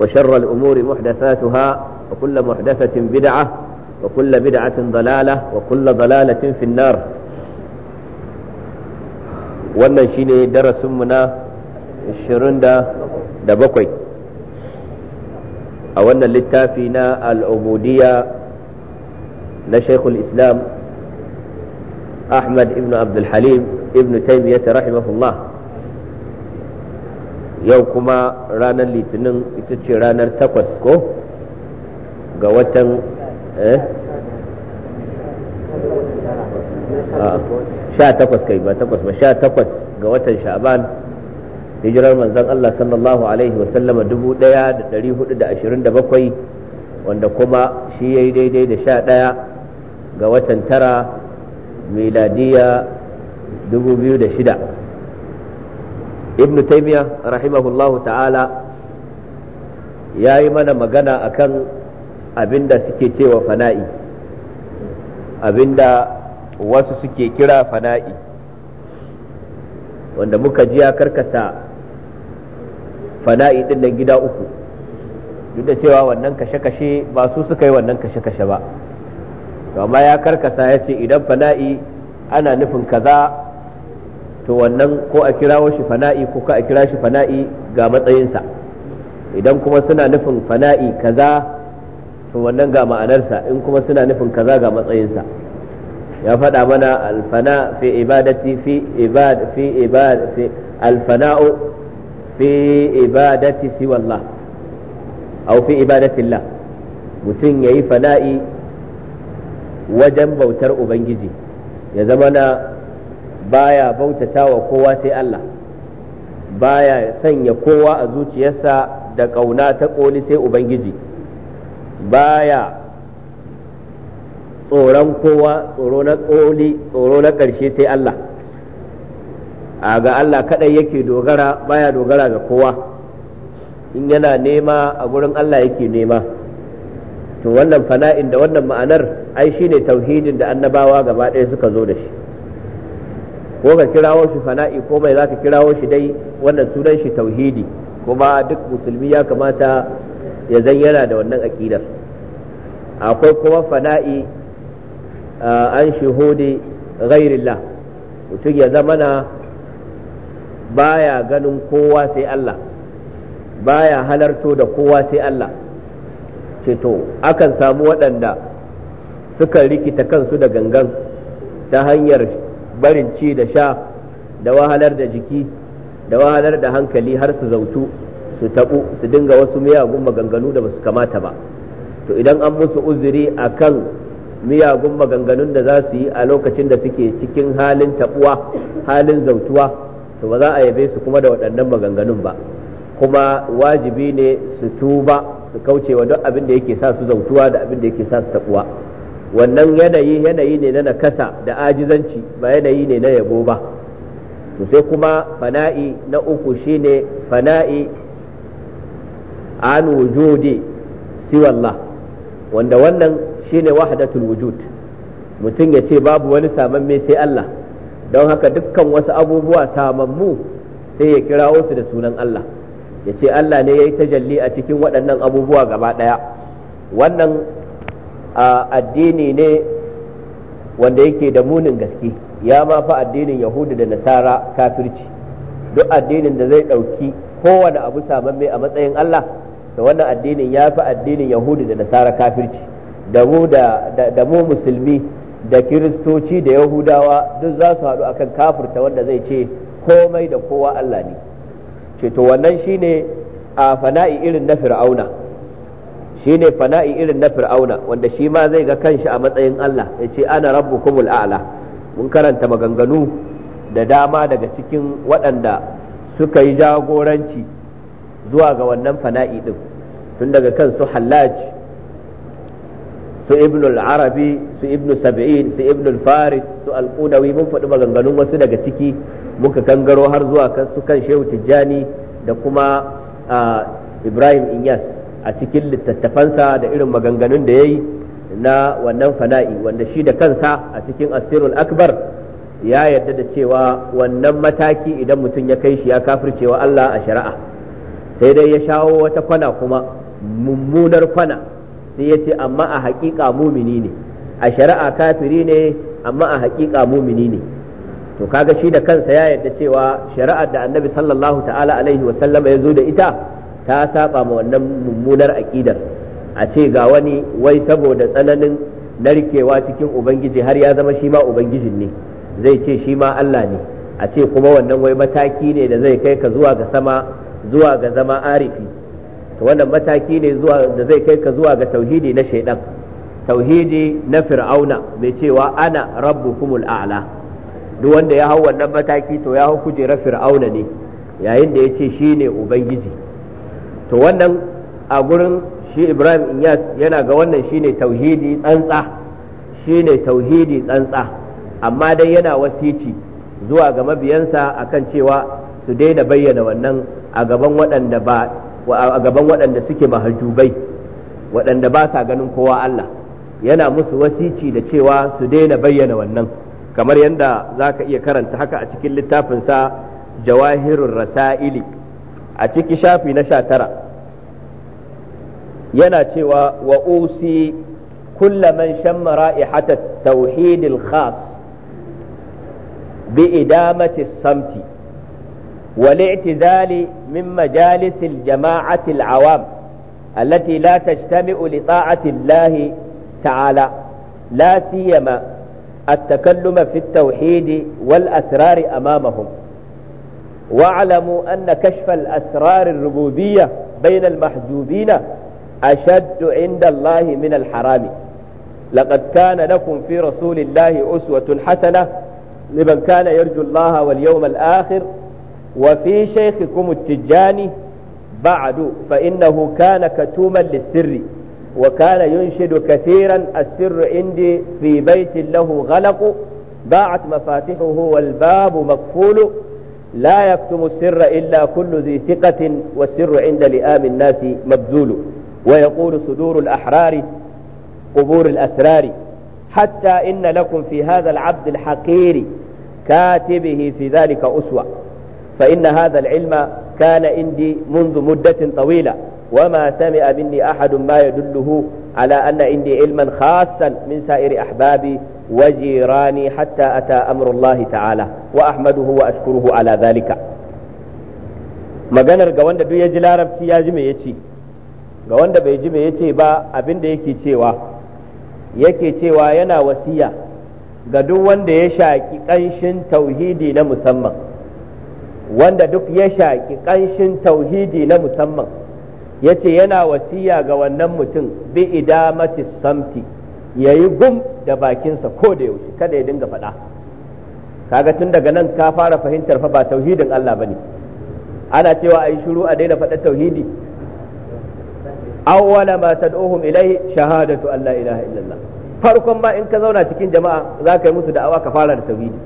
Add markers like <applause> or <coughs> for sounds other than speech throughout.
وشر الأمور محدثاتها وكل محدثة بدعة وكل بدعة ضلالة وكل ضلالة في النار wannan shine darasinmu na 27 a wannan littafi na al'ubudiyya na shaikhul islam ahmad ibn abdulhalim ibn taymiyyah rahimahullah yau kuma ranar litinin ita ce ranar takwas ko ga watan eh ah, sha takwas kai ba takwas ba sha takwas ga watan sha'ban hijirar manzon Allah sallallahu alaihi wasallama dubu daya da dari hudu da ashirin da bakwai wanda kuma shi ya yi daidai da sha daya ga watan tara miladiya dubu biyu da shida ibn taymiya rahimahullahu ta'ala ya yi mana magana akan abinda suke cewa fana'i abinda wasu suke kira fana'i wanda muka ji ya karkasa fana'i din nan gida uku duk da cewa wannan kashe-kashe ba su suka yi wannan kashe-kashe ba amma ya karkasa ya ce idan fana'i ana nufin kaza to wannan ko a kira shi fana'i ko ka a kira shi fana'i ga matsayinsa idan kuma suna nufin fana'i kaza to wannan ga ma'anarsa in kuma suna nufin kaza ga matsayinsa ya faɗa mana alfana fi ibadati fi ibad fi ibad fi alfana'u fi ibadati siwallah aw fi ibadatillah mutum yayi fana'i wajen bautar ubangiji ya zama na baya bautata wa kowa sai Allah baya sanya kowa a zuciyarsa da ƙauna ta ƙoli sai Ubangiji baya tsoron kowa tsoro na ƙoli tsoro na ƙarshe sai Allah a ga Allah kaɗai yake dogara baya dogara ga kowa in yana nema a gurin Allah yake nema to wannan fana'in da wannan ma'anar ai shine tauhidin da annabawa gaba ɗaya suka zo da shi ko ka kirawo shi fana'i ko mai zaka kirawo shi dai wannan sunan shi tauhidi kuma duk musulmi ya kamata ya zan yana da wannan aqidar akwai kuma fana'i an shuhudi ghairillah mutum ya zama na baya ganin kowa sai Allah baya halarto da kowa sai Allah to akan samu waɗanda suka rikita kansu da gangan ta hanyar barin ci da sha da wahalar da jiki da wahalar da hankali har su zautu su taɓu su dinga wasu miyagun maganganu da basu kamata ba to idan an musu uzuri kan miyagun maganganun da za su yi a lokacin da suke cikin halin taɓuwa halin zautuwa to ba za a yabe su kuma da waɗannan maganganun ba kuma wajibi ne su tuba su kauce wa duk abin da yake sa su zautuwa da abin da yake sa su taɓuwa wannan yanayi yanayi ne na nakasa da ajizanci ba yanayi ne na yabo ba to sai kuma fana'i na uku shine fana'i an wujudi siwallah wanda wannan shine wahdatul wujud mutum ya ce babu wani saman samamme sai Allah don haka dukkan wasu abubuwa samammu sai ya kirawo su da sunan Allah ya ce Allah ne ya yi tajalli a cikin waɗannan abubuwa gaba ɗaya wannan A addini ne wanda yake da munin gaske ya ma fi addinin yahudu da nasara kafirci duk addinin da zai ɗauki kowane abu samamme a matsayin Allah da wannan addinin ya fi addinin yahudu da nasara kafirci da mu musulmi da kiristoci da yahudawa duk za su haɗu akan kafirta wanda zai ce komai da kowa Allah ne ceto to wannan shine a fana'i irin na fir'auna ne fana'i irin na fir'auna wanda shi ma zai ga kanshi a matsayin Allah ya ce ana rabbukumul a'la mun karanta maganganu da dama daga cikin waɗanda suka yi jagoranci zuwa ga wannan fana'i din tun daga kan su hallaj su ibnul arabi su ibn sab'in su ibnul farid su al-qudawi mun faɗi maganganun wasu daga ciki muka gangaro har zuwa kan su kan shehu tijjani da kuma ah, ibrahim inyas a cikin littattafansa da irin maganganun da ya yi na wannan fana'i wanda shi da kansa a cikin asirul akbar ya yarda da cewa wannan mataki idan mutum ya kai shi ya kafircewa Allah a shari'a sai dai ya shawo wata kwana kuma mummunar kwana sai ya ce amma a haƙiƙa mumini ne a shari'a kafiri ne amma a haƙiƙa mumini ne to kaga shi da kansa ya yarda cewa shari'ar da annabi sallallahu ta'ala alaihi wasallama ya zo da ita ta saba ma wannan mummunar aƙidar a ce ga wani wai saboda tsananin narkewa cikin ubangiji har ya zama shi ma ubangijin ne zai ce shi ma Allah ne a ce kuma wannan wai mataki ne da zai kai ka zuwa ga sama zuwa ga zama arifi to wannan mataki ne zuwa da zai kai ka zuwa ga tauhidi na shaidan tauhidi na fir'auna mai cewa ana rabbukumul a'la duk wanda ya hau wannan mataki to ya hau kujerar fir'auna ne yayin da ya ce shi ne ubangiji to wannan a gurin shi Ibrahim Inyas yana ga wannan shine tauhidi tsantsa shine tauhidi tsantsa amma dai yana wasici zuwa ga mabiyansa akan cewa su daina bayyana wannan a gaban waɗanda ba a gaban waɗanda suke mahajubai waɗanda ba sa ganin kowa Allah yana musu wasici da cewa su daina bayyana wannan kamar yadda za ka iya karanta haka a cikin littafinsa jawahirun rasa'ili a ciki shafi na sha tara yana cewa wa usi kulla man shamma ra'ihata tauhidil khas bi idamati والاعتزال من مجالس الجماعة العوام التي لا تجتمع لطاعة الله تعالى لا سيما التكلم في التوحيد والأسرار أمامهم واعلموا أن كشف الأسرار الربوبية بين المحجوبين أشد عند الله من الحرام لقد كان لكم في رسول الله أسوة حسنة لمن كان يرجو الله واليوم الآخر وفي شيخكم التجاني بعد فإنه كان كتوما للسر وكان ينشد كثيرا السر عندي في بيت له غلق باعت مفاتحه والباب مقفول لا يكتم السر إلا كل ذي ثقة والسر عند لئام الناس مبذول ويقول صدور الأحرار قبور الأسرار حتى إن لكم في هذا العبد الحقير كاتبه في ذلك أسوة فإن هذا العلم كان عندي منذ مدة طويلة وما سمع مني أحد ما يدله على أن عندي علما خاصا من سائر أحبابي وجيراني حتى أتى أمر الله تعالى وأحمده وأشكره على ذلك maganar ga wanda duk ya larabci ya ji me ya ce ga wanda bai ji me ya ce ba abinda yake cewa yake cewa yana wasiya ga duk wanda ya shaƙi ƙanshin tauhidi na musamman wanda duk ya shaƙi tauhidi na musamman yace yana wasiya ga wannan mutum bi idamati samti yayi gum da bakinsa ko da yaushe kada ya dinga faɗa kaga tun daga nan ka fara fahimtar fa ba tauhidin Allah bane ana cewa ayi shiru a daina faɗa tauhidi awwala ma tad'uhum ilayhi shahadatu an la ilaha illallah farkon ba in ka zauna cikin jama'a za ka yi musu da'awa ka fara da tauhidi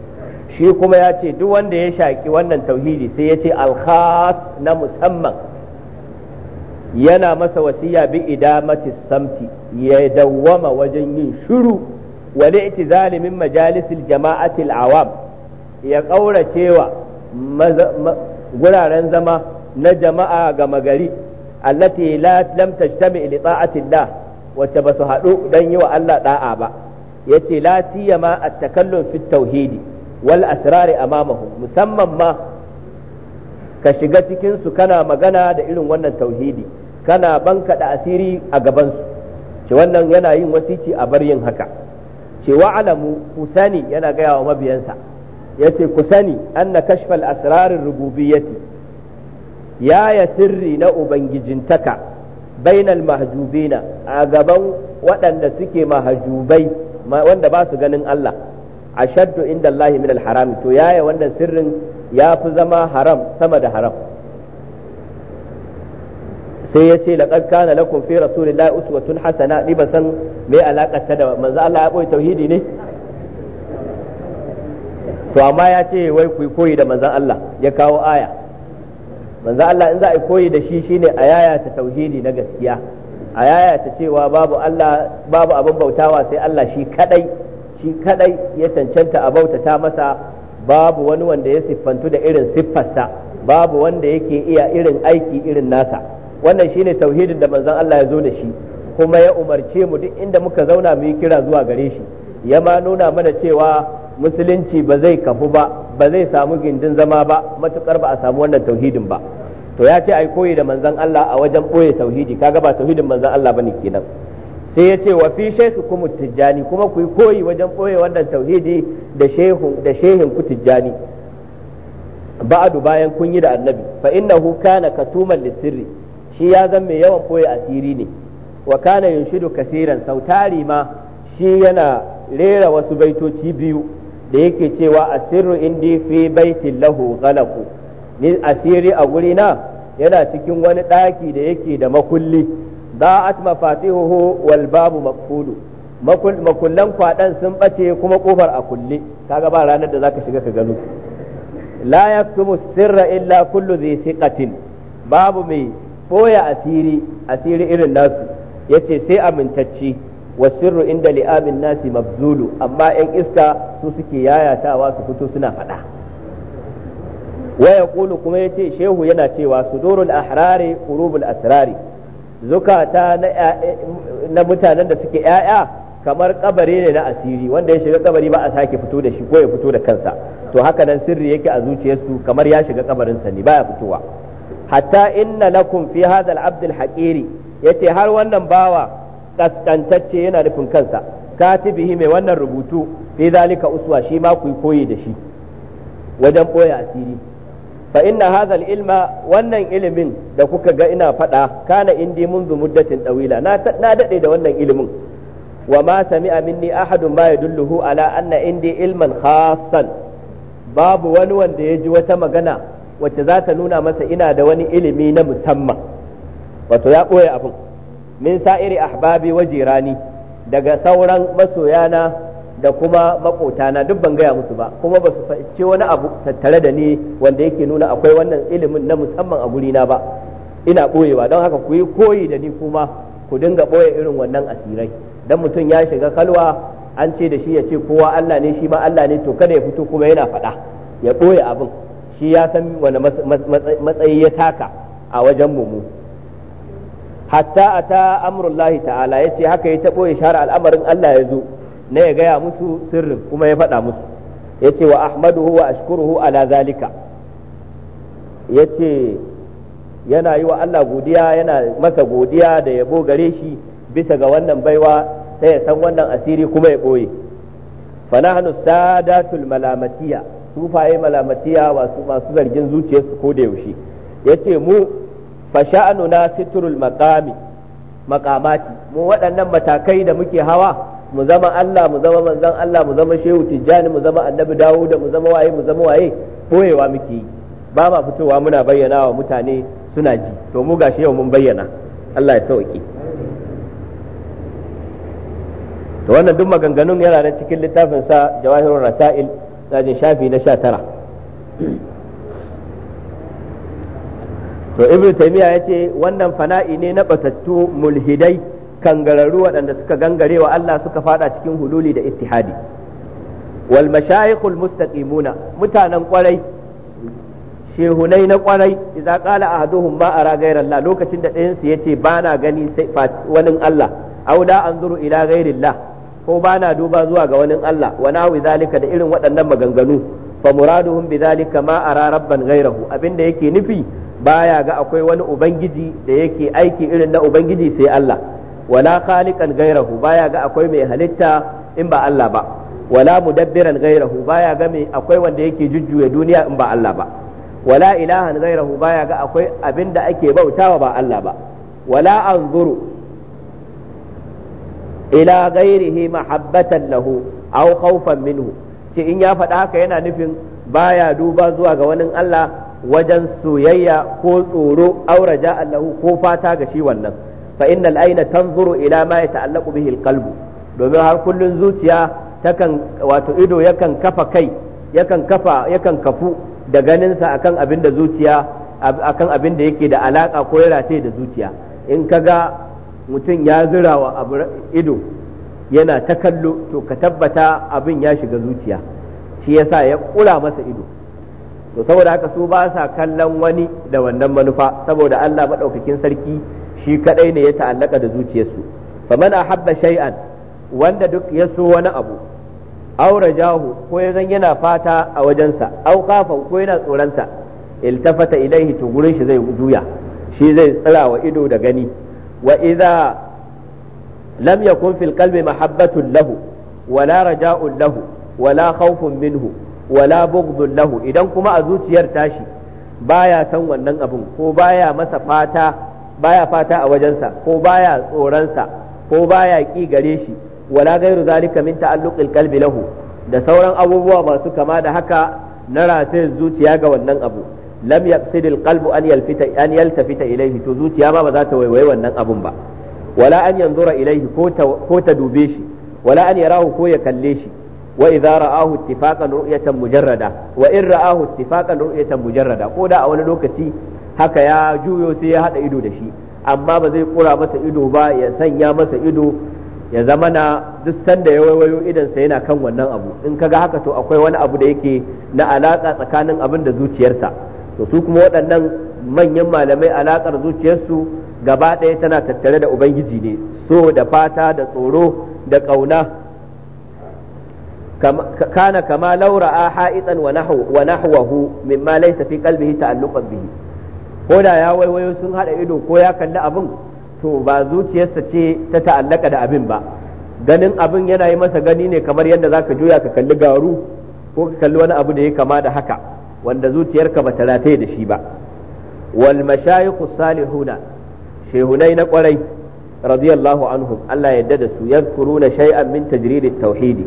shi kuma ya ce duk wanda ya shaki wannan tauhidi sai ya ce alkhas na musamman yana masa wasiya bi idamati samti ya dawwama wajen yin shiru wa li'tizali min majalisil jama'ati al-awam ya kauracewa guraren zama na jama'a ga magari allati la lam tajtami li ta'ati Allah wacce basu haɗu dan yi wa Allah da'a ba yace la siyama at-takallum fi tauhidi wal asrari amamahu musamman ma ka shiga cikin su kana magana da irin wannan tauhidi kana da asiri a gabansu ce wannan yana yin wasici a bar yin haka ce wa alamu ku sani yana gaya wa mabiyansa yace ku sani anna kashfal asrarin rububiyyati ya ya sirri na ubangijintaka bainal mahjubina a gaban waɗanda suke mahjubai wanda ba su ganin Allah ashaddu inda Allah min al-haram to yaya wannan sirrin ya fi zama haram sama da haram sai ya ce laqad kana lakum fi rasulillahi uswatun hasana ni ba san me alaka ta da manzo Allah ya boye tauhidi ne to amma ya ce wai ku koyi da manzon Allah ya kawo aya manzon Allah in za a koyi da shi shine a yaya ta tauhidi na gaskiya a yaya ta cewa babu Allah babu abin bautawa sai Allah shi kadai shi kadai ya cancanta a bautata masa babu wani wanda ya siffantu da irin siffarsa babu wanda yake iya irin aiki irin nasa wannan shine tauhidin da manzon Allah ya zo da shi kuma ya umarce mu duk inda muka zauna mu yi kira zuwa gare shi ya ma nuna mana cewa musulunci ba zai kafu ba ba zai samu gindin zama ba matukar ba a samu wannan tauhidin ba to ya ce ai koyi da manzon Allah a wajen boye tauhidi kaga ba tauhidin manzon Allah bane kenan sai ya ce wa fi kuma tijjani kuma ku koyi wajen boye wannan tauhidi da shehu da shehin ku tijjani ba'adu bayan kun yi da annabi fa innahu kana katuman lisirri shi ya zan mai yawan koya asiri ne wa kana yunshidu kasiran sautari ma shi yana rera wasu baitoci biyu da yake cewa asirru indi fi baitin lahu galaku ni asiri a guri na yana cikin wani ɗaki da yake da makulli da'at mafatihuhu wal babu maqfulu makullan kwaɗan sun ɓace kuma ƙofar a kulle kaga ba ranar da zaka shiga ka gano la yaktumu sirra illa kullu dhi siqatin babu mai koya asiri asiri irin nasu yace sai amintacci wasirru inda li'amin nasi mabzulu amma yan iska su suke yayatawa su fito suna faɗa waya kulu kuma yace shehu yana cewa sudurul ahrari qurubul asrari zukata na mutanen da suke yaya kamar kabari ne na asiri wanda ya shiga kabari ba a sake fito da shi ko ya fito da kansa to haka nan sirri yake a zuciyarsu kamar ya shiga kabarinsa ne baya fitowa hatta inna lakum fi hadha al-abd al-haqiri yace har wannan bawa kaskantacce yana nufin kansa katibihi mai wannan rubutu fi zalika uswa shi ma ku koyi da shi wajen boye asiri fa inna hadha al-ilma wannan ilimin da kuka ga ina faɗa kana indi منذ muddatin dawila na na dade da wannan ilimin wa ma sami'a minni ahadun ma yadulluhu ala anna indi ilman khassan babu wani wanda ya ji wata magana wacce za ta nuna masa ina da wani ilimi na musamman wato ya ɓoye abin min sa'iri ahbabi wa jirani daga sauran masoyana da kuma maƙotana duk ban gaya musu ba kuma ba su fahimci wani abu tattare da ni wanda yake nuna akwai wannan ilimin na musamman a guri na ba ina ɓoyewa don haka ku yi koyi da ni kuma ku dinga ɓoye irin wannan asirai dan mutum ya shiga kalwa an ce da shi ya ce kowa Allah ne shi ma Allah ne to kada ya fito kuma yana faɗa ya ɓoye abin shi ya san wani matsayi ya taka a wajen mu hatta a ata amrullahi ta'ala ya ce haka ya taɓo ya shara al'amarin Allah ya zo na ya gaya musu sirrin kuma ya faɗa musu ya ce wa ahmaduhu wa ashkuruhu ala zalika ce yana yi wa Allah godiya yana masa godiya da yabo gare shi bisa ga wannan baiwa sai ya san wannan asiri kuma ya ɓoye fa nahnu sadatul malamatiya sufaye malamatiya masu masu zargin zuciyarsu ko da yaushe yace mu fa sha'anuna sitrul maqami maqamati mu waɗannan matakai da muke hawa mu zama Allah mu zama manzon Allah mu zama shehu tijjani mu zama annabi dawuda mu zama waye mu zama waye boyewa muke yi ba ma fitowa muna bayyana wa mutane suna ji to mu gashi yau mun bayyana Allah ya sauki to wannan duk maganganun yana da cikin littafin sa jawahirul rasail dajin shafi na sha tara to ibn taymiya ya ce wannan fana'i ne na batattu mulhidai kangararru waɗanda suka gangare wa Allah suka fada cikin hululi da ittihadi wal mashayikhul mustaqimuna mutanen kwarai shehunai na kwarai idza qala ahaduhum a ara ghayra lokacin da ɗayan su yace ba na gani sai wani Allah au la anzuru ila ghayrillah ko ba na duba zuwa ga wani Allah wa nahwi zalika da irin waɗannan maganganu fa muraduhum bidhalika ma ara rabban ghayrahu abinda yake nufi baya ga akwai wani ubangiji da yake aiki irin na ubangiji sai Allah wala khaliqan ghayrahu baya ga akwai mai halitta in ba Allah ba wala mudabbiran ghayrahu baya ga mai akwai wanda yake jujjuya duniya in ba Allah ba wala ilahan ghayrahu baya ga akwai abinda ake bautawa ba Allah ba wala anzuru ila ghairihi mahabbatan lahu aw khawfan minhu ce in ya faɗa haka yana nufin baya duba zuwa ga wani Allah wajen soyayya ko tsoro auraja Allahu ko fata ga shi wannan fa innal aina tanzuru ila ma yata'allaqu bihi alqalbu domin har kullun zuciya takan wato ido yakan kafa kai yakan kafa yakan kafu da ganinsa akan abin zuciya akan abin da yake da alaka ko ya rataye da zuciya in kaga mutum ya zira wa abu ido yana ta kallo to ka tabbata abin ya shiga zuciya shi yasa ya kula masa ido to saboda haka su ba sa kallon wani da wannan manufa saboda Allah maɗaukakin sarki shi kadai ne ya ta'allaka da zuciyarsu man ahabba shay'an wanda duk ya so wani abu rajahu ko ya zan yana fata a wajensa aw kafa ko yana tsoronsa iltafata ilaihi to gurin shi zai juya shi zai tsira wa ido da gani wa idza lam yakun fil mahabbatun lahu wala raja'un lahu wala khawfun minhu wala Bugdun lahu idan kuma a zuciyar tashi baya san wannan abin ko baya masa fata baya fata a wajensa ko baya tsoronsa ko baya ƙi gare shi wala gairu zalika min ta'alluqil qalbi lahu da sauran abubuwa masu kama da haka na ratayar zuciya ga wannan abu lam yaqsid alqalbu an ta an yaltafita ilayhi to zuciya ba ba za ta waiwaye wannan abun ba wala an yanzura ilayhi ko ta ko dube shi wala an yarahu ko ya kalle shi wa idza ra'ahu ittifaqan ru'yatan mujarrada wa in ra'ahu ittifaqan ru'yatan mujarrada ko da a wani lokaci haka ya juyo sai ya hada ido da shi amma ba zai kura masa ido ba ya sanya masa ido ya zama na duk sanda ya waiwayo sa yana kan wannan abu in ka ga haka to akwai wani abu da yake na alaka tsakanin abin da zuciyarsa to su kuma waɗannan manyan malamai alaƙar zuciyarsu gaba ɗaya tana tattare da ubangiji ne so da fata da tsoro da ƙauna kana kama laura a ha'itsan wa nahwahu ma laysa fi qalbihi ta'alluqan bihi ko da ya waiwayo sun haɗa ido ko ya kalli abin to ba zuciyarsa ce ta ta'allaka da abin ba ganin abin yana yi masa gani ne kamar yadda zaka juya ka kalli garu ko ka kalli wani abu da ya kama da haka wanda zuciyarka bata rataye da shi ba wal mashayikhu salihuna shehunai na kwarai radiyallahu anhum Allah yadda da su yadkuruna shay'an min tajridit tauhidi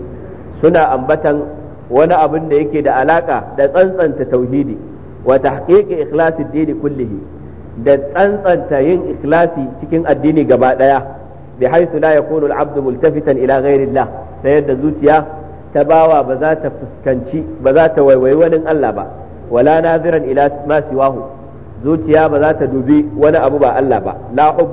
suna ambatan wani abin da yake da alaka da tsantsanta tauhidi wa tahqiqi ikhlasid dini kullihi da tsantsanta yin ikhlasi cikin addini gaba daya bi haythu la yakunu al-abdu multafitan ila ghayri ta yadda zuciya ta bawa ba za ta fuskanci ba za ta waiwayi wani Allah ba wala naziran ila ma siwahu zuciya ba za ta dubi wani abu ba Allah ba la lahu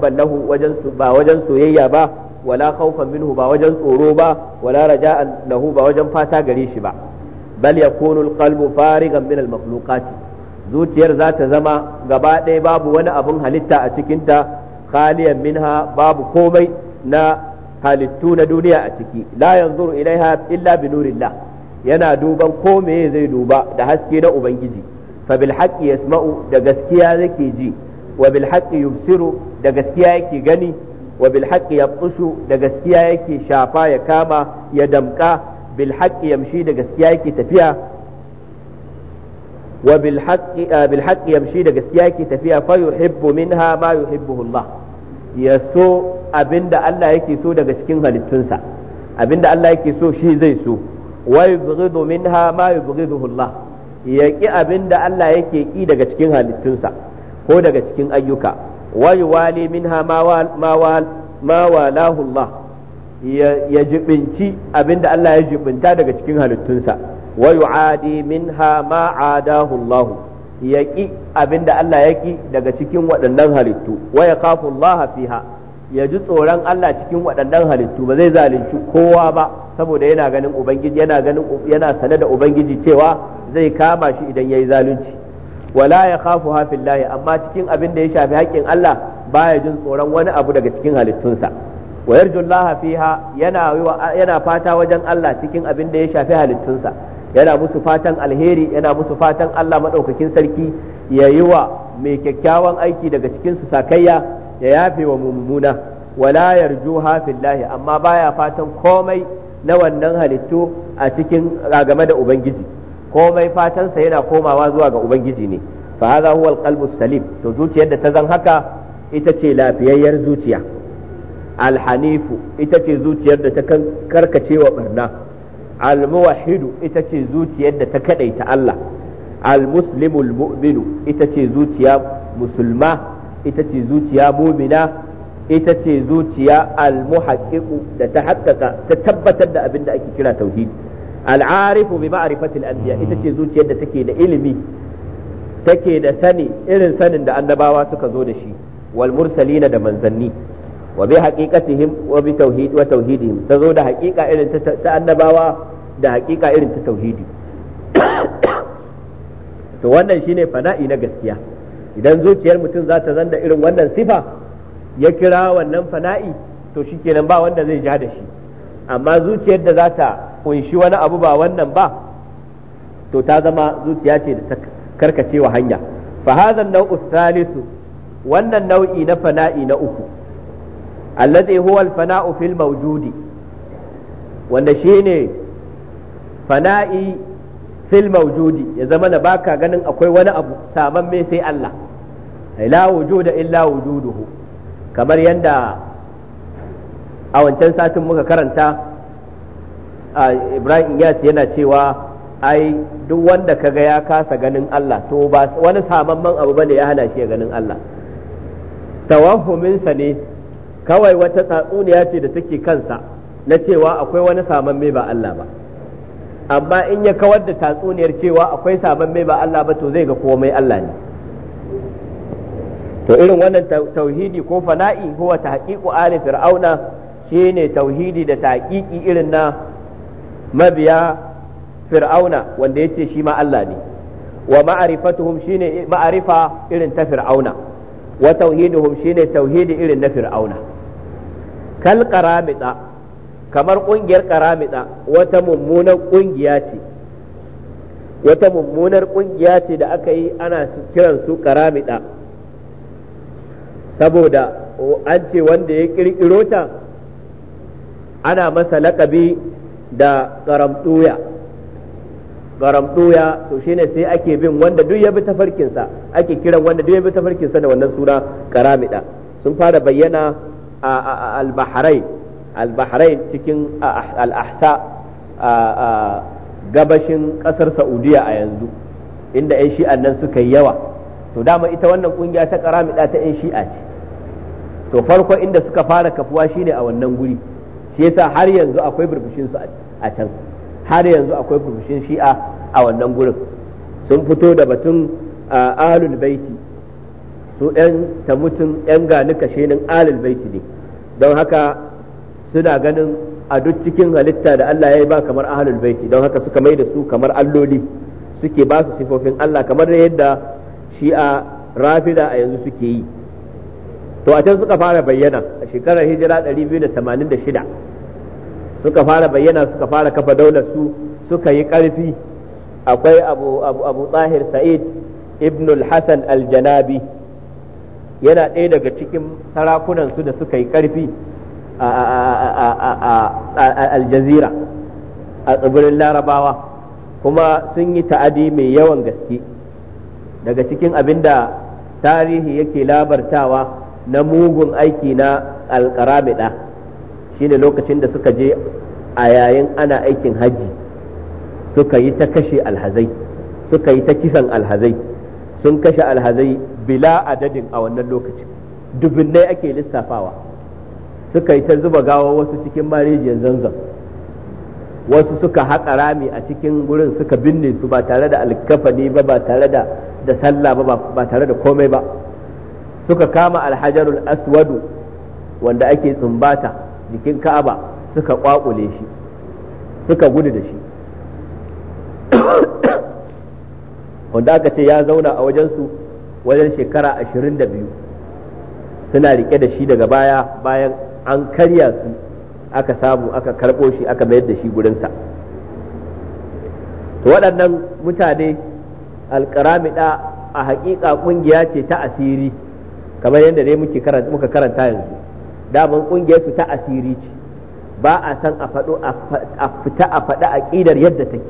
ba wajen soyayya ba wala khawfan minhu ba wajen tsoro ba wala raja'an lahu ba wajen fata gare shi ba bal yakunu alqalbu farigan min almakhluqat zuciyar za ta zama gaba ɗaya babu wani abun halitta a cikinta khaliyan minha babu komai na halittu na duniya a ciki la yanzuru ilaiha illa bi nurillah yana duban ko meye zai duba da haske na ubangiji fa bil haqqi yasma'u da gaskiya yake ji wa bil haqqi yubsiru da gaskiya yake gani wa bil haqqi yabqushu da gaskiya yake shafa ya kama ya damka bil haqqi yamshi da gaskiya yake tafiya wa bil haqqi ah, bil haqqi yamshi da gaskiya yake tafiya fa yuhibbu minha ma yuhibbuhu Allah yaso abinda Allah yake so daga cikin halittunsa abinda Allah yake so shi zai so wa yubghidu minha ma yubghiduhu Allah ya ki abinda Allah yake ki daga cikin halittunsa ko daga cikin ayyuka wa yuwali minha ma ma walahu Allah ya jibinci abinda Allah ya jibinta daga cikin halittunsa wa yu'adi minha ma adahu Allah ya ki abinda Allah ya ki daga cikin waɗannan halittu wa yakhafu Allah fiha ya ji tsoron Allah cikin waɗannan halittu ba zai zalunci kowa ba saboda yana ganin ubangiji yana ganin yana sane da ubangiji cewa zai kama shi idan yayi zalunci wala ya khafu hafillahi amma cikin abin da ya shafi haƙƙin Allah baya jin tsoron wani abu daga cikin halittunsa wa yarjullaha fiha yana yana fata wajen Allah cikin abin da ya shafi halittunsa yana musu fatan alheri yana musu fatan Allah madaukakin sarki ya wa mai kyakkyawan aiki daga cikin su sakayya ya yafe wa mummuna wala yarjuha fillahi amma baya fatan komai na wannan halittu a cikin game da ubangiji komai fatansa yana komawa zuwa ga ubangiji ne fa hadha huwa alqalbu salim to zuciyar da ta zan haka ita ce lafiyayyar zuciya alhanifu ita ce zuciyar da ta karkace wa barna almuwahidu ita ce zuciyar da ta kadaita Allah almuslimul mu'minu ita ce zuciya musulma ita ce zuciya mumina ita ce zuciya almuhaqqiqu da ta haƙƙaƙa ta tabbatar da abin da ake kira tauhidi al'arifu bi ma'rifati anbiya ita ce zuciyar da take da ilimi take da sani irin sanin da annabawa suka zo da shi wal mursalina da manzanni wa bi haqiqatihim wa bi tauhid wa tauhidihim ta zo da haƙiƙa irin ta annabawa da haƙiƙa irin ta tauhidi <coughs> to wannan shine fana'i na gaskiya idan zuciyar mutum za ta zanda irin wannan sifa ya kira wannan fana'i to shikenan ba wanda zai ja da shi amma zuciyar da za ta kunshi wani abu ba wannan ba to ta zama zuciya ce da ta karkacewa hanya fa hadha an wannan nau'i na fana'i na uku alladhi huwa al-fana'u fil mawjudi wanda shine fana'i fil mawjudi ya zama na baka ganin akwai wani abu saman me sai Allah la wujuda illa wujuduhu kamar yadda a wancan satin muka karanta Ibrahim Yas yana cewa ai duk wanda kaga ya kasa ganin Allah to ba wani man abu bane ya hana shi ganin Allah tawahhuminsa ne kawai wata tatsuniya ce da take kansa na cewa akwai wani me ba Allah ba amma in ya kawar da tatsuniyar cewa akwai sabon mai ba Allah ba to zai ga komai Allah ne to irin wannan tauhidi ko fana'i wata tahqiqu ali fir'auna shine tauhidi da tahqiqi irin na mabiya fir'auna wanda yace shi ma Allah ne wa ma'rifatuhum shine ma'arifa irin ta fir'auna wa tauhiduhum shine tauhidi irin na fir'auna kal qaramita kamar kungiyar karamida wata mummunar kungiya ce wata mummunar kungiya ce da aka yi ana kiran su karamida saboda an ce wanda ya kirkiro ta ana masa lakabi da karamduya karamtuya to shine sai ake bin wanda duk ya bi tafarkinsa ake kiran wanda duk ya bi tafarkinsa da wannan sura karamida sun fara bayyana a al-bahrain al-bahrain cikin al'ahsa a gabashin kasar saudiya a yanzu inda 'yan shi'an nan suka yi yawa to dama ita wannan kungiya ta karamida ta 'yan shi'a ce to farko inda suka fara kafuwa shine a wannan guri shi yasa har yanzu akwai burbushin su a can har yanzu akwai burbushin shi'a a wannan gurin sun fito da batun ahlul baiti su 'yan tamutun 'yan gani kashenin ahlul baiti ne don haka suna ganin a duk cikin halitta da Allah ya yi ba kamar ahalul baiti don haka suka mai da su kamar alloli suke ba su sifofin Allah kamar yadda shi a rafida a yanzu suke yi to a can suka fara bayyana a shekarar hijira 286 suka fara bayyana suka fara kafa daular su suka yi karfi akwai abu abu sa'id ibn al-hasan al-janabi yana ɗaya daga cikin sarakunan su da suka yi karfi aljazira a tsibirin larabawa kuma sun yi ta'adi mai yawan gaske daga cikin abin da tarihi yake labartawa na mugun aiki na alkaramida shine lokacin da suka je a yayin ana aikin hajji suka yi ta kashe alhazai suka yi ta kisan alhazai sun kashe alhazai bila adadin a wannan lokacin dubinnai ake lissafawa suka yi ta zuba gawa wasu cikin marijiyar zanzan wasu suka haƙa rami a cikin gurin suka binne su ba tare da alkafani ba ba tare da da sallah ba ba tare da komai ba suka kama alhajarul aswadu wanda ake tsumbata jikin ka'aba suka kwakule shi suka gudu da shi <coughs> wanda aka ce ya zauna a wajensu wajen shekara ashirin suna rike da shi daga baya bayan an karya su aka samu aka karɓo shi aka mayar da shi gurinsa to waɗannan mutane alƙaramida a haƙiƙa ƙungiya ce ta asiri kamar yadda dai muka karanta yanzu daman ƙungiyar su ta asiri ce ba a san a faɗo a fita a faɗa aƙidar yadda take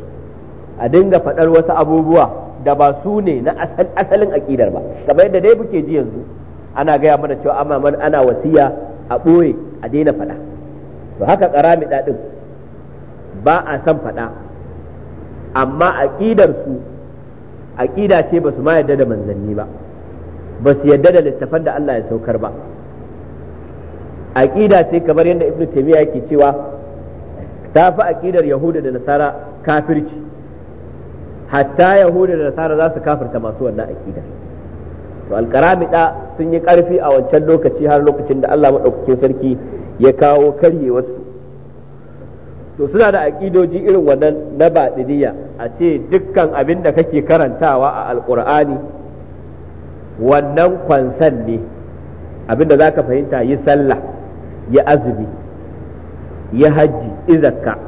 a dinga faɗar wasu abubuwa da ba su ne na asalin aƙidar ba kamar yadda dai muke ji yanzu ana gaya mana cewa ana wasiya a ɓoye a daina faɗa to haka ƙarami ɗaɗin ba a san faɗa amma su aƙida ce ba su ma yarda da manzanni ba ba su yarda da littafan da Allah ya saukar ba aƙida ce kamar yadda ibnu taymiya yake cewa ta fi aƙidar yahuda da nasara kafirci hatta yahuda da nasara za su kafirta masu wannan aƙidar to alkaramida sun yi karfi a wancan lokaci har lokacin da Allah maɗaukakin sarki ya kawo wasu to suna da aƙidoji irin wannan na baɗiniya a ce dukkan abin da kake karantawa a alkur'ani wannan kwansan ne abin da za fahimta yi sallah ya azumi ya hajji izakka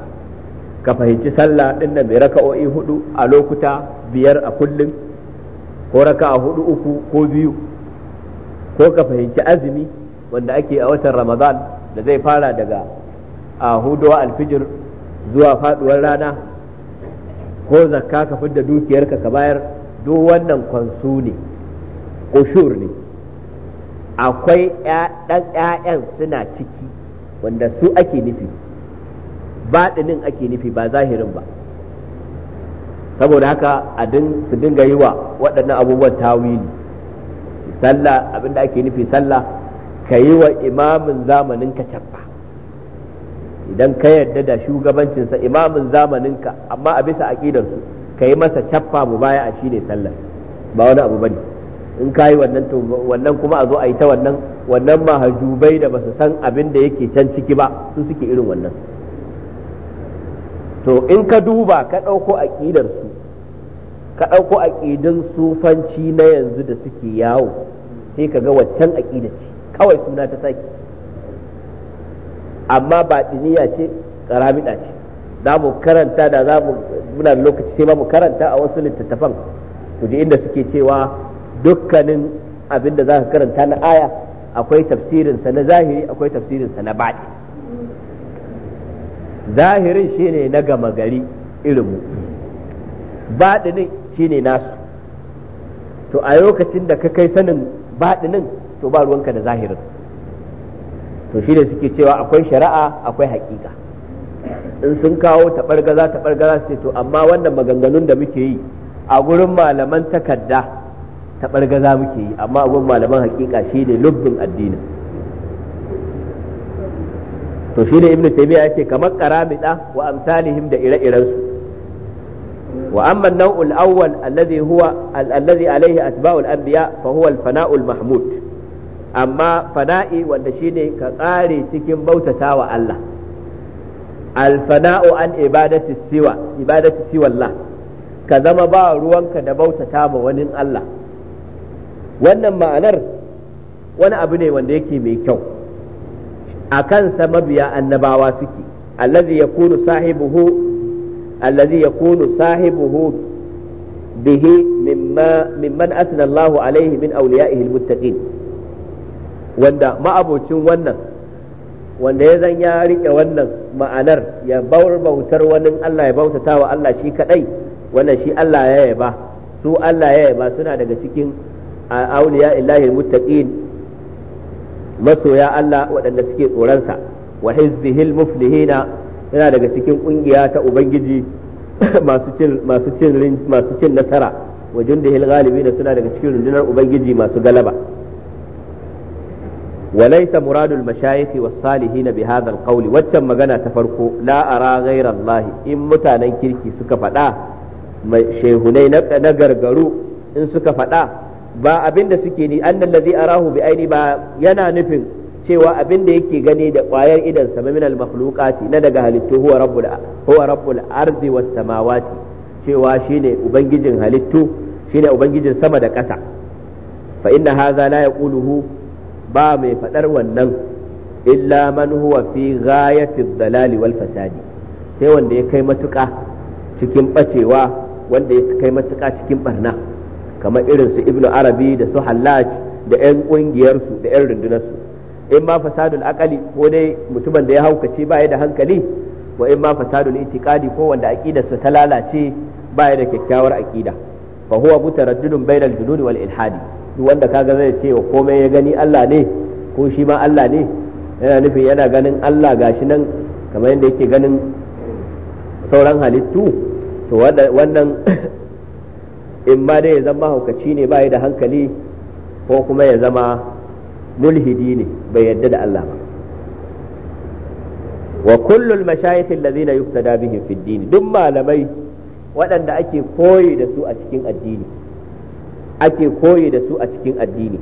ka fahimci sallah ɗin da mai raka'o'i hudu a lokuta biyar a kullum ko raka a hudu uku ko biyu ko ka fahimci azumi wanda ake a watan ramadan da zai fara daga a huduwa alfijir zuwa faduwar rana ko zakka ka fidda dukiyarka ka bayar duk wannan kwansu ne ushur ne akwai ɗan ‘ya'yan suna ciki wanda su ake nufi baɗinin ake nufi ba zahirin ba saboda haka a din su dinga yi wa waɗannan abubuwan tawili sallah abinda ake nufi sallah ka yi wa imamin zamanin ka cappa idan ka yarda da shugabancinsa imamin zamanin ka amma a bisa aƙidarsu ka yi masa cappa mu baya a shi ne sallah ba wani abu bane in ka yi wannan wannan kuma a zo a yi ta wannan wannan mahajubai da ba su san abin da yake can ciki ba su suke irin wannan to in ka duba ka ɗauko aƙidarsu. ka ɗauko aƙidun sufanci na yanzu da suke yawo sai ka ga waccan aƙida ce kawai suna ta sake amma ba baɗiniya ce ƙaramiɗa ce za mu karanta da za mu muna lokaci sai ma mu karanta a wasu littattafan to da inda suke cewa dukkanin abin da za ka karanta na aya akwai tafsirinsa na zahiri akwai tafsirinsa na baɗi zahirin shine na gama gari irinmu baɗinin ne nasu to a lokacin da ka kai sanin baɗinin to ba ruwanka da zahirin to shi ne suke cewa akwai shari'a akwai haƙiƙa in sun kawo taɓargaza taɓargaza su ce to amma wannan maganganun da muke yi a gurin malaman takarda taɓargaza muke yi amma a gurin malaman haƙiƙa shi ne lubbin addini to shi ne ibnu taymiya yake kamar karamida wa amsalihim da ire-irensu وأما النوع الأول الذي هو الذي عليه أتباع الأنبياء فهو الفناء المحمود أما فنائي والنشيني كقاري تكن بوتة الله الفناء عن عبادة السوى عبادة سوى الله كذما با روانك دبوتة تام ونن الله wannan ma'anar wani abu ne wanda yake mai kyau a kansa mabiya annabawa suke allazi yakunu sahibuhu allazi ya kunu bihi mimma mimman asna Allahu alaihi min awliya'ihi almuttaqin wanda ma'abocin wannan wanda ya zan ya rike wannan ma'anar ya bautar wani Allah ya bautata wa Allah shi kadai wannan shi Allah ya yaba su Allah ya yaba suna daga cikin auliya illahi almuttaqin masoya Allah waɗanda suke tsoronsa wa hizbihil muflihina yana daga cikin kungiya ta ubangiji <laughs> masu cin nasara wajen da galibi da suna daga cikin rundunar ubangiji masu galaba وليس مراد المشايخ والصالحين بهذا القول waccan magana ta farko la ara ghayra Allah in mutanen kirki suka faɗa mai shehunai na gargaru in suka faɗa ba abinda suke ni annal ladhi arahu bi aini ba yana nufin cewa abin da yake gani da ƙwayar idan sama min al makhluqati na daga halittu huwa rabbul huwa rabbul ardi was samawati cewa shine ubangijin halittu shine ubangijin sama da ƙasa fa inna hadha la yaquluhu ba mai fadar wannan illa man huwa fi ghayati dalali wal fasadi sai wanda ya kai matuƙa cikin bacewa wanda ya kai matuƙa cikin barna kamar irin su ibnu arabi da su hallaj da 'yan ƙungiyarsu da 'yan rundunarsu in ma fasadul akali ko dai mutumin da ya haukace baya da hankali wa in ma fasadul itikadi ko wanda aqidarsa ta lalace baya da kyakkyawar aqida fa huwa mutaraddidun bainal junun wal ilhadi duk wanda kaga zai ce wa komai ya gani Allah ne ko shi ma Allah ne yana nufin yana ganin Allah gashi nan kamar yadda yake ganin sauran halittu to wannan <coughs> in ma dai ya zama haukaci ne baya da hankali ko kuma ya zama mulhidi ne bai yarda da Allah ba wa kullul mashayikh alladhina yuqtada bihim fid din duk malamai waɗanda ake koyi da su a cikin addini ake koyi da su a cikin addini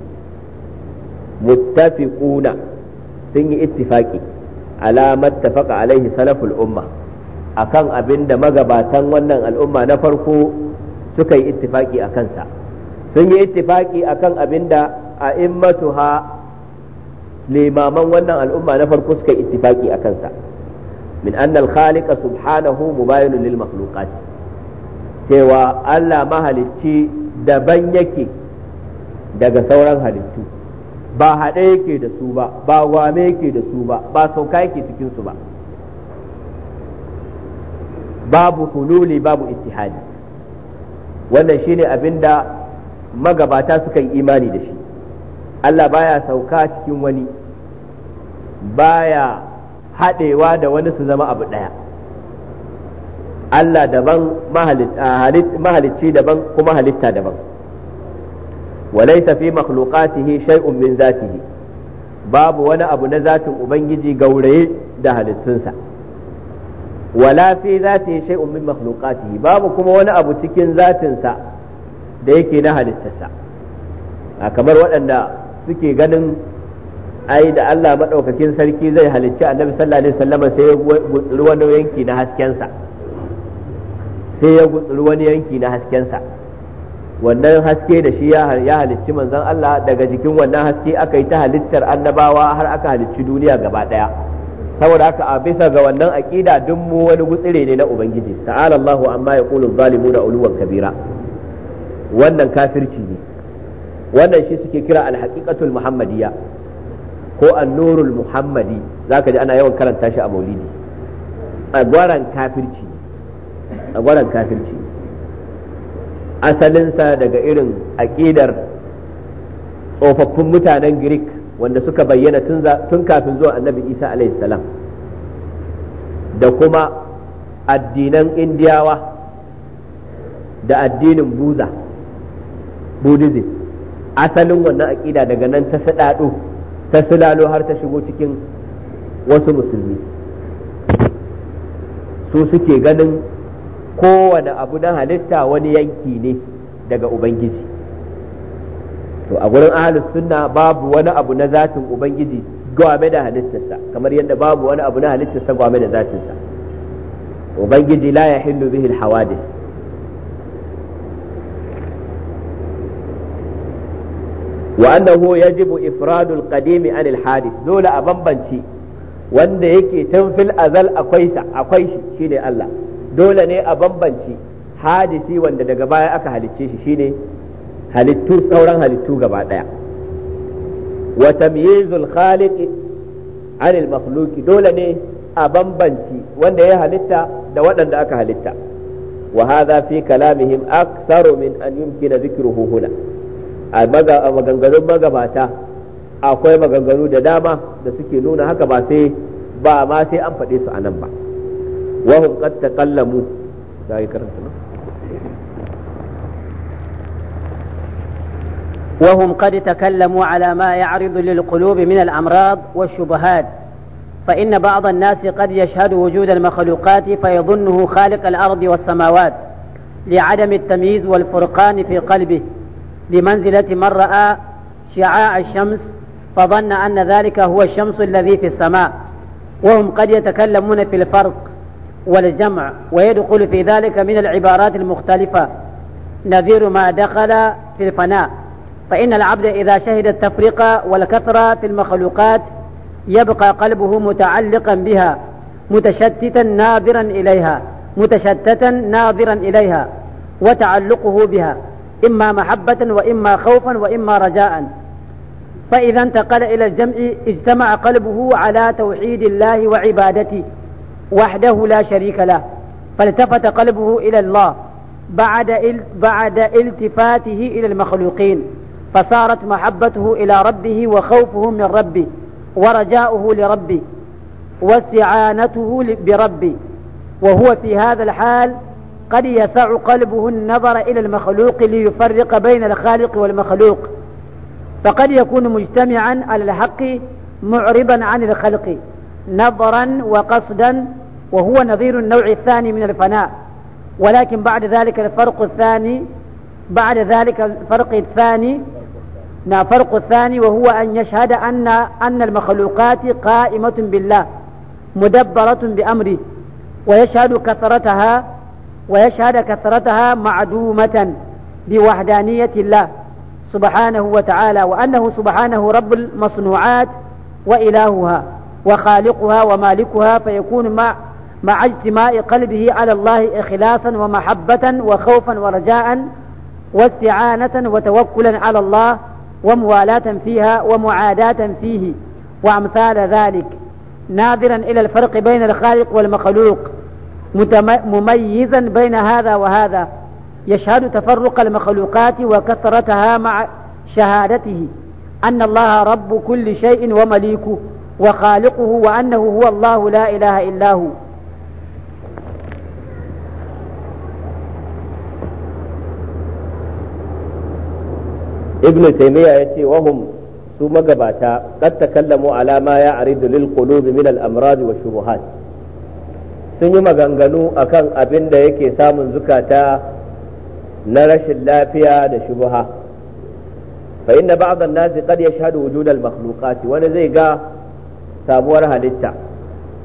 muttafiquna sun yi ittifaki ala mattafaqa alaihi salaful umma akan abinda magabatan wannan al'umma na farko suka yi ittifaki a kansa sun yi ittifaki akan abinda a'immatuha limaman wannan al'umma na farko suka ittifaki a kansa min annal khaliqa subhanahu mubayinun lil makhluqat cewa Allah mahalicci daban yake daga sauran halittu ba haɗe yake da su ba ba wame yake da su ba ba sauka yake cikin su ba babu hululi babu ittihadi wannan shine abinda magabata suka yi imani da shi Allah baya sauka cikin wani baya haɗewa da wani su zama abu ɗaya Allah daban ah, mahalicci daban kuma halitta daban walaysa fi makhluqatihi shay'un min zatihi babu wani abu na zatin ubangiji gauraye da halittunsa wala fi zatihi shay'un min makhluqatihi babu kuma wani abu cikin zatinsa da yake na halittarsa a kamar waɗanda suke ganin ai da Allah madaukakin sarki zai halicci annabi sallallahu alaihi wasallam sai ya gutsuri wani yanki na haskensa sai ya gutsuri wani yanki na haskensa wannan haske da shi ya halicci manzon Allah daga jikin wannan haske aka yi ta halittar annabawa har aka halicci duniya gaba daya saboda haka a bisa ga wannan aqida duk mu wani gutsire ne na ubangiji ta'ala Allahu amma yaqulu zalimuna uluwan kabira wannan kafirci ne wannan shi suke kira alhaqiqatul muhammadiyya ko annurul muhammadi zaka ji ana yawan karanta shi a maulidi a gwaran kafirci asalinsa daga irin aƙidar tsofaffin mutanen greek wanda suka bayyana tun kafin zuwa annabi isa salam da kuma addinan indiyawa da addinin buza buddhism asalin wannan aƙida daga nan ta saɗaɗo ta silalo har ta shigo cikin wasu musulmi su suke ganin kowane abu na halitta wani yanki ne daga ubangiji to a gurin ahalus sunna babu wani abu na zatin ubangiji game da halittarsa kamar yadda babu wani abu na halittarsa game da zatinsa ubangiji la yahillu bihi alhawadith wa annahu yajibu ifradul qadimi anil hadis dole a wanda yake tun fil azal akwai sa akwai shi shine Allah dole ne a bambanci hadisi wanda daga baya aka halicce shi shine halittu sauran halittu gaba daya wa tamyizul khaliq anil dole ne a bambanci wanda ya halitta da waɗanda aka halitta wa hadha fi kalamihim aktharu min an yumkina dhikruhu huna a maganganun magabata akwai maganganu da dama da suke nuna haka ba sai ba ma sai an faɗe su a nan ba wahum qad taqallamu da karanta وهم قد تكلموا على ما يعرض للقلوب من الأمراض والشبهات فإن بعض الناس قد يشهد وجود المخلوقات فيظنه خالق الأرض والسماوات لعدم التمييز والفرقان في قلبه بمنزلة من رأى شعاع الشمس فظن أن ذلك هو الشمس الذي في السماء وهم قد يتكلمون في الفرق والجمع ويدخل في ذلك من العبارات المختلفة نذير ما دخل في الفناء فإن العبد إذا شهد التفرقة والكثرة في المخلوقات يبقى قلبه متعلقا بها متشتتا ناظرا إليها متشتتا ناظرا إليها وتعلقه بها إما محبة وإما خوفا وإما رجاء فإذا انتقل إلى الجمع اجتمع قلبه على توحيد الله وعبادته وحده لا شريك له فالتفت قلبه إلى الله بعد بعد التفاته إلى المخلوقين فصارت محبته إلى ربه وخوفه من ربه ورجاؤه لربه واستعانته بربه وهو في هذا الحال قد يسع قلبه النظر إلى المخلوق ليفرق بين الخالق والمخلوق فقد يكون مجتمعا على الحق معرضا عن الخلق نظرا وقصدا وهو نظير النوع الثاني من الفناء ولكن بعد ذلك الفرق الثاني بعد ذلك الفرق الثاني فرق الثاني وهو أن يشهد أن أن المخلوقات قائمة بالله مدبرة بأمره ويشهد كثرتها ويشهد كثرتها معدومة بوحدانية الله سبحانه وتعالى وأنه سبحانه رب المصنوعات وإلهها وخالقها ومالكها فيكون مع مع اجتماع قلبه على الله إخلاصا ومحبة وخوفا ورجاء واستعانة وتوكلا على الله وموالاة فيها ومعاداة فيه وأمثال ذلك ناظرا إلى الفرق بين الخالق والمخلوق مميزا بين هذا وهذا يشهد تفرق المخلوقات وكثرتها مع شهادته أن الله رب كل شيء ومليكه وخالقه وأنه هو الله لا إله إلا هو ابن تيمية يأتي وهم ثم قباتا قد تكلموا على ما يعرض للقلوب من الأمراض والشبهات sun yi maganganu akan abin da yake samun zukata na rashin lafiya da shubuha fa inna ba'd an-nas qad yashhadu wujud al-makhluqat wani zai ga sabuwar halitta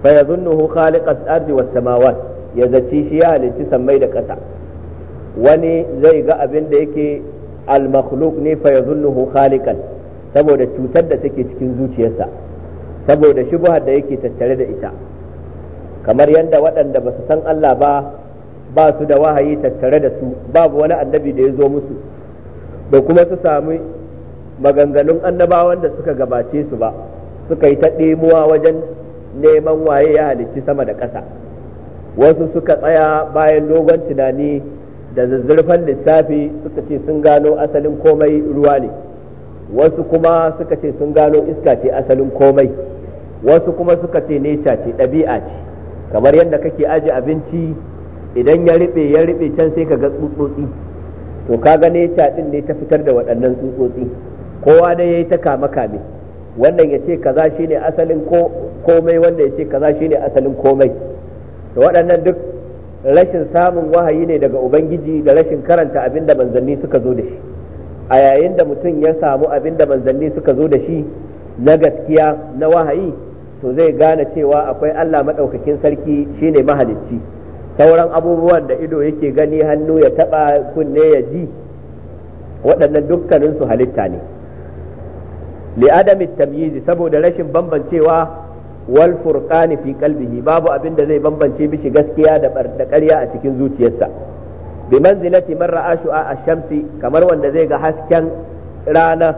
fa yadhunnuhu khaliq al-ardi was-samawat ya zaci shi ya halitti sammai da ƙasa wani zai ga abin da yake al-makhluq ne fa yadhunnuhu khaliqan saboda cutar da take cikin zuciyarsa saboda shubuhar da yake tattare da ita kamar yadda waɗanda ba su san Allah ba ba su da wahayi tattare da su babu wani annabi da ya zo musu da kuma su sami maganganun annabawan da suka gabace su ba suka yi ta ɗemuwa wajen neman waye ya halicci sama da ƙasa wasu suka tsaya bayan dogon tunani da zazzurfan lissafi suka ce sun gano asalin komai ruwa ne wasu kuma suka ce sun gano iska ce asalin komai wasu kuma suka ce neca ce ɗabi'a ce kamar yadda kake ajiye abinci idan ya riɓe ya riɓe can sai ka ga tsutsotsi to ka gane neta ne ta fitar da waɗannan tsutsotsi kowa ya yayi ta kama kame wannan ya ce kaza shine asalin komai wanda ya ce kaza shine asalin komai to waɗannan duk rashin samun wahayi ne daga ubangiji da rashin karanta abin da manzanni suka zo da shi a yayin da mutum ya samu abin da manzanni suka zo da shi na gaskiya na wahayi to zai gane cewa akwai Allah maɗaukakin sarki shine mahalicci sauran abubuwan da ido yake gani hannu ya taɓa kunne ya ji waɗannan dukkaninsu halitta ne li adami tamyizi saboda rashin bambancewa wal furqani fi qalbihi babu abin da zai bambance bishi gaskiya da ƙarya a cikin zuciyarsa bi manzilati man ra'a shu'a ash-shamsi kamar wanda zai ga hasken rana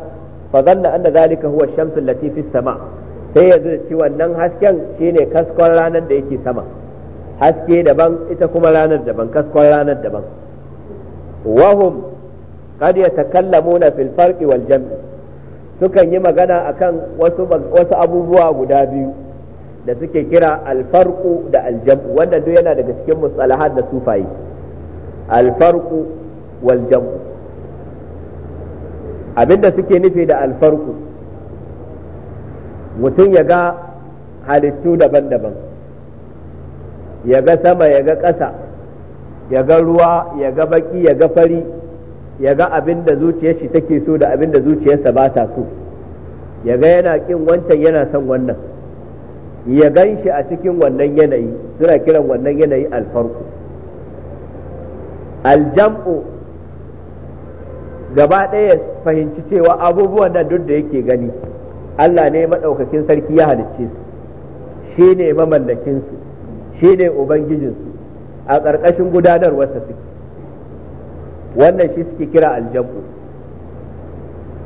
fa zanna anna dhalika huwa ash-shamsu allati fi sama sai ya ci wannan hasken shine kaskon ranar da yake sama haske daban ita kuma ranar daban kaskon ranar daban wahum kad takalla fil filfarki wal jam'i sukan yi magana akan wasu wasu abubuwa guda biyu da suke kira alfarku da aljam'u wanda duk yana daga cikin mustalahat da sufayi alfarku wal jam'u abinda suke nufi da alfarku mutum ya ga halittu daban-daban ya ga sama ya ga ƙasa ya ga ruwa ya ga baki ya ga fari ya ga abin da take so da abin da zuciyarsa ba ta so ya ga yana ƙin wancan yana son wannan ya gan shi a cikin wannan yanayi suna kiran wannan yanayi alfarko aljam'u gaba ɗaya fahimci cewa abubuwan nan duk da yake gani Allah ne maɗaukakin sarki ya halicce su shi ne mamallakin su shi ne ubangijin su a ƙarƙashin gudanarwarsa suke wannan shi suke kira aljabu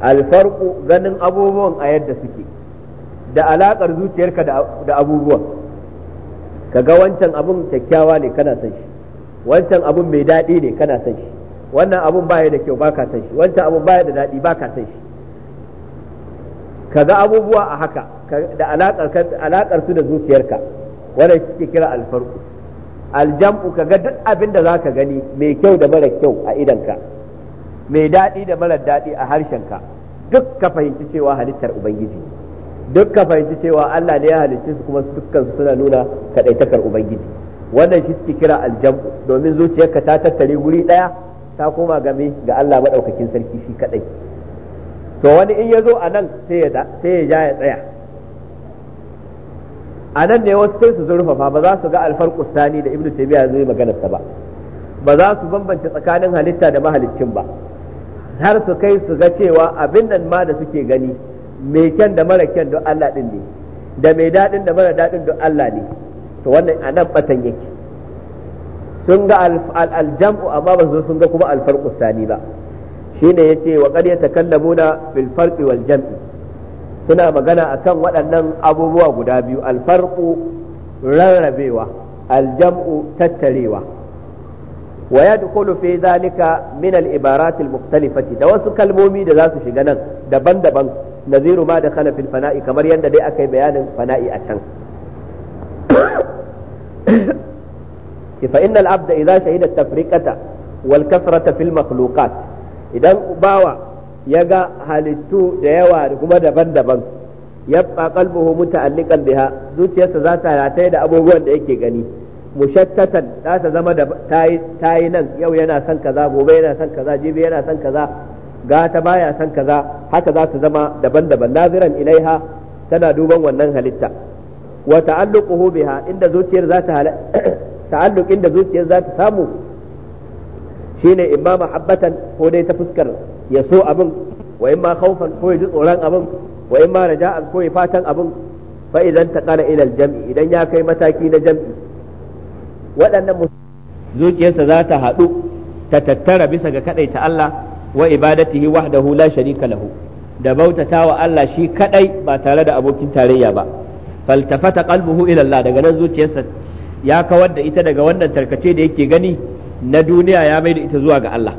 alfarku ganin abubuwan a yadda suke da alaƙar zuciyarka da abubuwan kaga wancan abun kyakkyawa ne kana son shi wancan abun mai daɗi ne kana son shi wannan abun baya da kyau baka son shi wancan abun baya da daɗi baka son shi ka ga abubuwa a haka da alakar su da zuciyarka wanda ke kira alfarku aljam'u ka ga duk abin da za ka gani mai kyau da mara kyau a idanka mai daɗi da mara daɗi a harshenka duk ka fahimci cewa halittar ubangiji duk ka fahimci cewa Allah ne ya halicci su kuma dukkan su suna nuna kaɗaitakar ubangiji wannan shi suke kira aljam'u domin zuciyarka ta tattare wuri ɗaya ta koma game ga Allah maɗaukakin sarki shi kaɗai to wani in ya zo a nan sai ya ja ya tsaya a nan ne wasu sai su zurfafa ba za su ga alfar sani da ibnu taymiya zai magana ta ba ba za su bambance tsakanin halitta da mahaliccin ba har su kai su ga cewa abin nan ma da suke gani mai kyan da mara kyan don Allah din ne da mai daɗin da mara daɗin don Allah ne to wannan a nan batan yake sun ga aljam'u amma ba su sun ga kuma alfar sani ba shine yace wa qad yatakallamuna bil farqi wal jam'i suna magana akan waɗannan abubuwa guda biyu al farqu rarrabewa al jam'u tattarewa wa yadkhulu fi zalika min al ibarat al mukhtalifati da wasu kalmomi da za su shiga nan daban-daban naziru ma da khala fil fana'i kamar yadda dai aka yi bayanin fana'i a can <coughs> fa innal abda idza shahida tafriqata wal kasrata fil makhluqat idan bawa ya ga halittu da yawa da kuma daban-daban yabqa qalbuhu muta'alliqan biha zuciyarsa za ta rataye da abubuwan da yake gani mushattatan za ta zama da tayi nan yau yana son kaza gobe yana son kaza jibi yana son kaza gata baya son kaza haka za ta zama daban-daban naziran ilaiha tana duban wannan halitta wa ta'alluquhu biha inda zuciyar za <coughs> zuciyar za ta samu shine imma mahabbatan ko dai ta fuskar ya so abin wa imma khawfan ko ji tsoron abin wa imma raja'an ko ya fatan abin fa idan taqara ila jami idan ya kai mataki na jam'i waɗannan zuciyarsa za ta haɗu ta tattara bisa ga ta Allah wa ibadatihi wahdahu la sharika lahu da bautatawa Allah shi kadai ba tare da abokin tarayya ba faltafata qalbuhu ila Allah daga nan zuciyarsa ya kawar da ita daga wannan tarkace da yake gani na duniya ya mai da ita zuwa ga Allah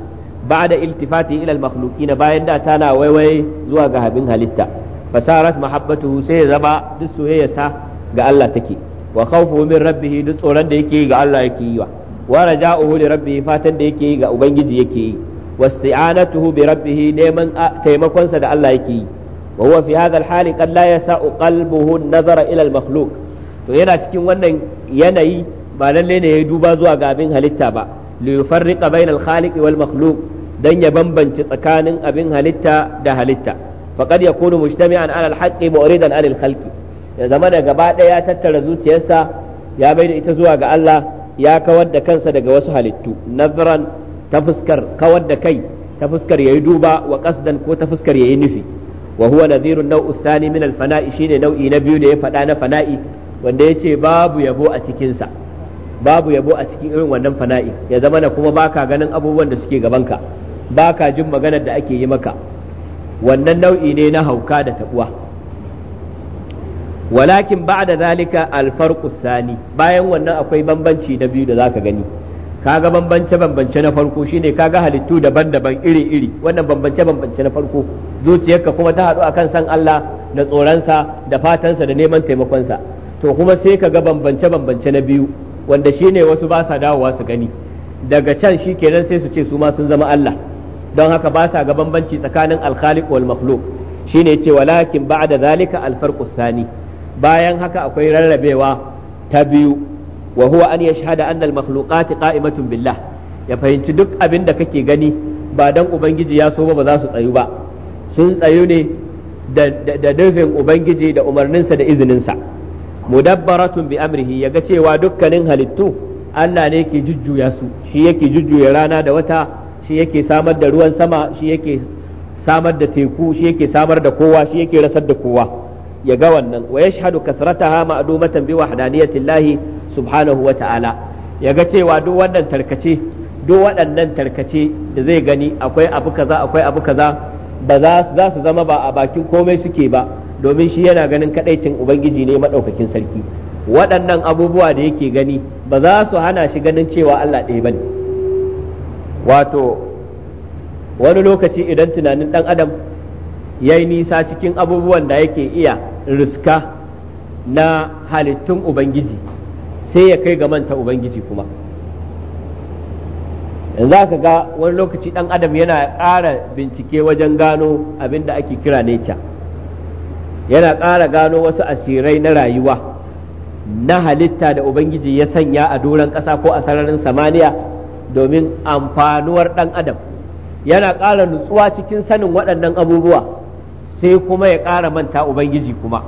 da iltifati ila al na bayan da tana waiwaye zuwa ga habin halitta fasarat mahabbatuhu sai ya zama duk sa ga Allah take wa khawfuhu min rabbih duk tsoron da yake yi ga Allah yake yi wa wa raja'uhu li rabbih fatan da yake yi ga ubangiji yake yi واستعانته بربه نيمن تيمكون سد الله يكي وهو في هذا الحال yasa لا يساء قلبه النظر الى المخلوق to yana cikin wannan yanayi ba lalle ne ya duba zuwa ga abin halitta ba li yufarriqa bainal khaliq wal makhluq dan ya bambanci tsakanin abin halitta da halitta faqad yakunu mujtami'an ala al haqqi mu'ridan anil khalqi ya zama da gaba daya tattara zuciyarsa ya bai da ita zuwa ga Allah ya kawar da kansa daga wasu halittu nazran ta fuskar kawar da kai ta fuskar yayi duba wa qasdan ko ta fuskar yayi nufi wa huwa nadhirun nau'u thani min fana'i shine nau'i na biyu da ya fada na fana'i wanda ya ce babu yabo a cikinsa. babu yabo a cikin irin wannan fana'i ya zama na kuma baka ganin abubuwan da suke gabanka baka jin maganar da ake yi maka wannan nau'i ne na hauka da tabuwa walakin ba'da zalika alfarqu sani bayan wannan akwai bambanci na biyu da zaka gani kaga bambance bambance na farko shine kaga halittu daban-daban iri-iri wannan bambance bambance na farko zuciyarka kuma ta haɗu akan san Allah da tsoronsa da fatansa da neman taimakonsa to kuma sai kaga bambance bambance na biyu wanda shine wasu ba sa dawowa su gani daga can shi kenan sai su ce su ma sun zama Allah don haka ba sa ga bambanci tsakanin alkhaliq wal makhluq shine ce walakin ba'da zalika alfarqu sani bayan haka akwai rarrabewa ta biyu wa huwa an yashhada anna almakhluqat qa'imatun billah ya fahimci duk abin da kake gani ba dan ubangiji ya so ba ba za su tsayu ba sun tsayu ne da nufin ubangiji da umarninsa da izininsa mudabbaratun bi amrihi yaga cewa dukkanin halittu Allah ne yake jujjuya su shi yake jujjuya rana da wata shi yake samar da ruwan sama shi yake samar da teku shi yake samar da kowa shi yake rasar da kowa yaga wannan wa yashhadu kasrataha ma'dumatan bi wahdaniyatillahi subhanahu wa ta'ala yaga cewa duk wannan tarkace duk waɗannan tarkace da zai gani akwai abu kaza akwai abu kaza ba za su zama ba a bakin komai suke ba domin shi yana ganin kadaicin ubangiji ne madaukakin sarki waɗannan abubuwa da yake gani ba za su hana shi ganin cewa Allah ɗaya bane wato wani lokaci idan tunanin ɗan adam ya yi nisa cikin abubuwan da yake iya riska na halittun ubangiji sai ya kai ga manta ubangiji kuma za ka ga wani lokaci ɗan adam yana ƙara bincike wajen gano abin da ake kira nature yana ƙara gano wasu asirai na rayuwa na halitta da ubangiji ya sanya a doron ƙasa ko a sararin samaniya domin amfanuwar ɗan adam yana ƙara nutsuwa cikin sanin waɗannan abubuwa sai kuma ya ƙara manta ubangiji kuma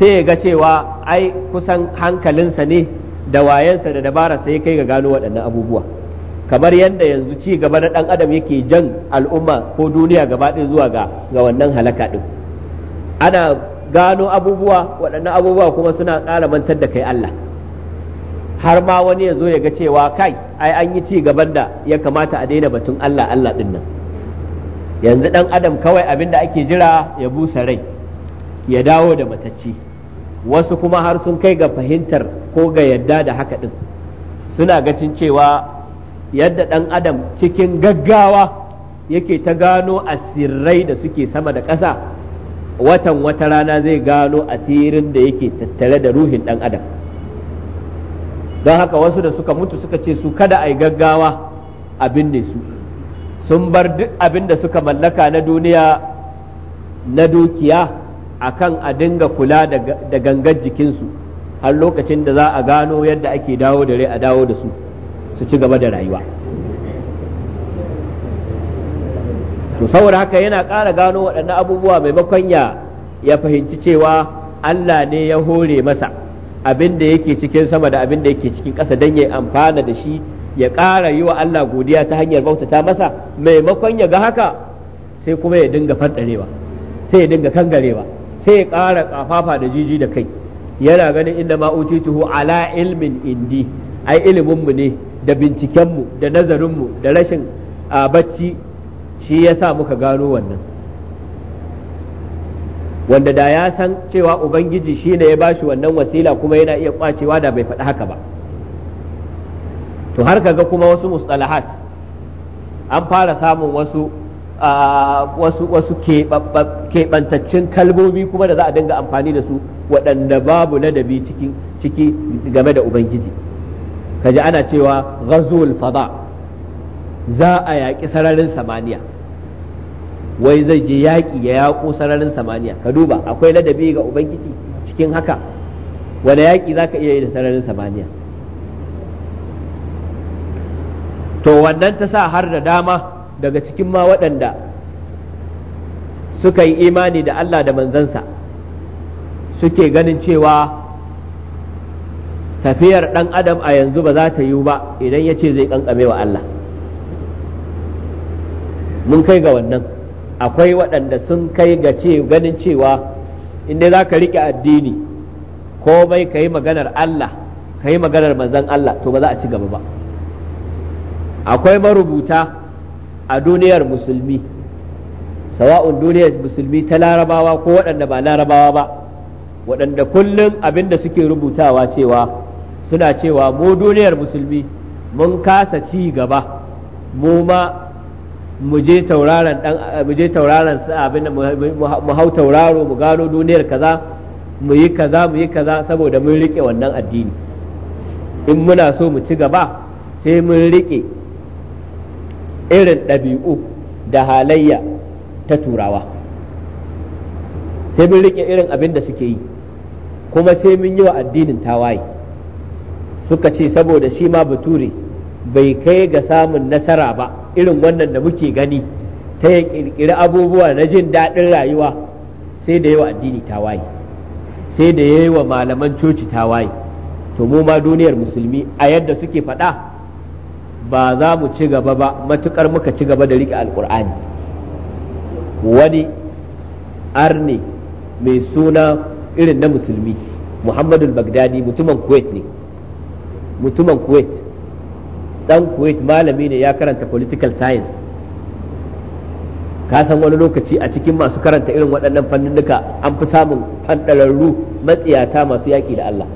sai ya ga cewa ai kusan hankalinsa ne da wayansa da dabara sai kai ga gano waɗannan abubuwa kamar yadda yanzu ci gaba na ɗan adam yake jan al'umma ko duniya gaba ɗaya zuwa ga wannan halaka ɗin. ana gano abubuwa waɗannan abubuwa kuma suna ƙara mantar da kai Allah har ma wani ya zo ya ga cewa kai ai an yi ci gaban da ya kamata a daina batun Allah Allah din nan yanzu ɗan adam kawai abin da ake jira ya busa rai ya dawo da matacci wasu kuma har sun kai ga fahimtar ko ga yadda da haka ɗin suna gacin cewa yadda ɗan adam cikin gaggawa yake ta gano asirrai da suke sama da ƙasa watan wata rana zai gano asirin da yake tattare da ruhin ɗan adam don haka wasu da suka mutu suka ce su kada a yi gaggawa abin ne su sun bar duk abin da suka mallaka na duniya na dukiya akan a dinga kula da gangar jikinsu har lokacin da za a gano yadda ake dawo da rai a dawo da su su ci gaba da rayuwa. to saboda haka yana ƙara gano waɗannan abubuwa mai ya ya fahimci cewa Allah ne ya hore masa abin da yake cikin sama da abin da yake cikin ƙasa don ya amfana da shi ya ƙara yi wa Allah godiya ta hanyar bautata masa maimakon ya ga haka sai kuma ya dinga fadarewa sai ya dinga kangarewa sai ya ƙara ƙafafa da jiji da kai yana ganin inda ma'utituhu ala ilmin indi ai iliminmu ne da bincikenmu da nazarinmu da rashin bacci shi ya sa muka gano wannan wanda da ya san cewa ubangiji shi ne ya ba shi wannan wasila kuma yana iya kwacewa da bai faɗi haka ba to har kaga kuma wasu mustalahat an fara samun wasu wasu keɓantaccen kalmomi kuma da za a dinga amfani da su waɗanda babu ladabi ciki game da ubangiji kaji ana cewa ghazul fada za a yaƙi sararin samaniya wai zai je yaƙi ya yaƙo sararin samaniya ka duba akwai ladabi ga ubangiji cikin haka wani yaƙi za ka iya yi da sararin samaniya to wannan ta sa har da dama daga cikin ma waɗanda suka yi imani da Allah da manzansa suke ganin cewa tafiyar ɗan adam a yanzu ba za ta yiwu ba idan ya ce zai ƙanƙame wa Allah mun kai ga wannan akwai waɗanda sun kai ga ce ganin cewa inda za ka riƙe addini ko komai ka yi maganar Allah ka yi maganar manzan Allah to ba za a ci gaba ba akwai marubuta a duniyar musulmi sawa'un duniyar musulmi ta larabawa ko waɗanda ba larabawa ba waɗanda kullum abin da suke rubutawa cewa suna cewa mu duniyar musulmi mun kasa ci gaba mu ma mu je tauraron mu abin da mu hau tauraro mu gano duniyar kaza mu yi kaza mu yi kaza saboda mun rike wannan addini in muna so mu ci gaba sai mun rike irin ɗabi'u da halayya ta turawa sai mun rike irin abin da suke yi kuma sai mun yi wa addinin tawaye suka ce saboda shi ma bature bai kai ga samun nasara ba irin wannan da muke gani ta ya kirkiri abubuwa na jin daɗin rayuwa sai da yawa addini tawaye sai da yawa malaman coci tawaye to mu ma duniyar musulmi a yadda suke faɗa ba za mu ci gaba ba matukar muka ci gaba da riƙe alƙur'ani wani arne mai suna irin na musulmi muhammadu bagdadi mutumin kuwait ne mutumin kuwait dan kuwait malami ne ya karanta political science ka san wani lokaci a cikin masu karanta irin waɗannan fannunuka an fi samun fanɗararru matsiyata masu yaƙi da Allah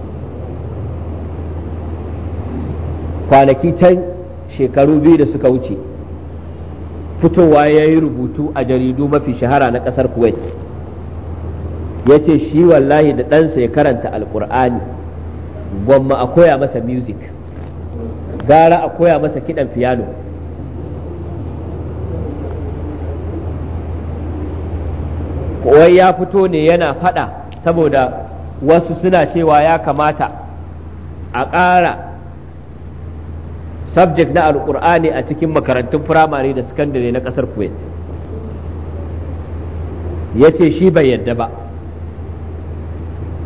kwanaki can shekaru biyu da suka wuce fitowa ya yi rubutu a jaridu mafi shahara na ƙasar kuwait ya ce shi wallahi da ɗansa ya karanta alƙur'ani gwamma a koya masa music gara a koya masa kiɗan fiyano wai ya fito ne yana faɗa saboda wasu suna cewa ya kamata a ƙara subject na alƙur'ani a cikin makarantun firamare da sakandare na ƙasar kuwait ya ce shi bai yadda ba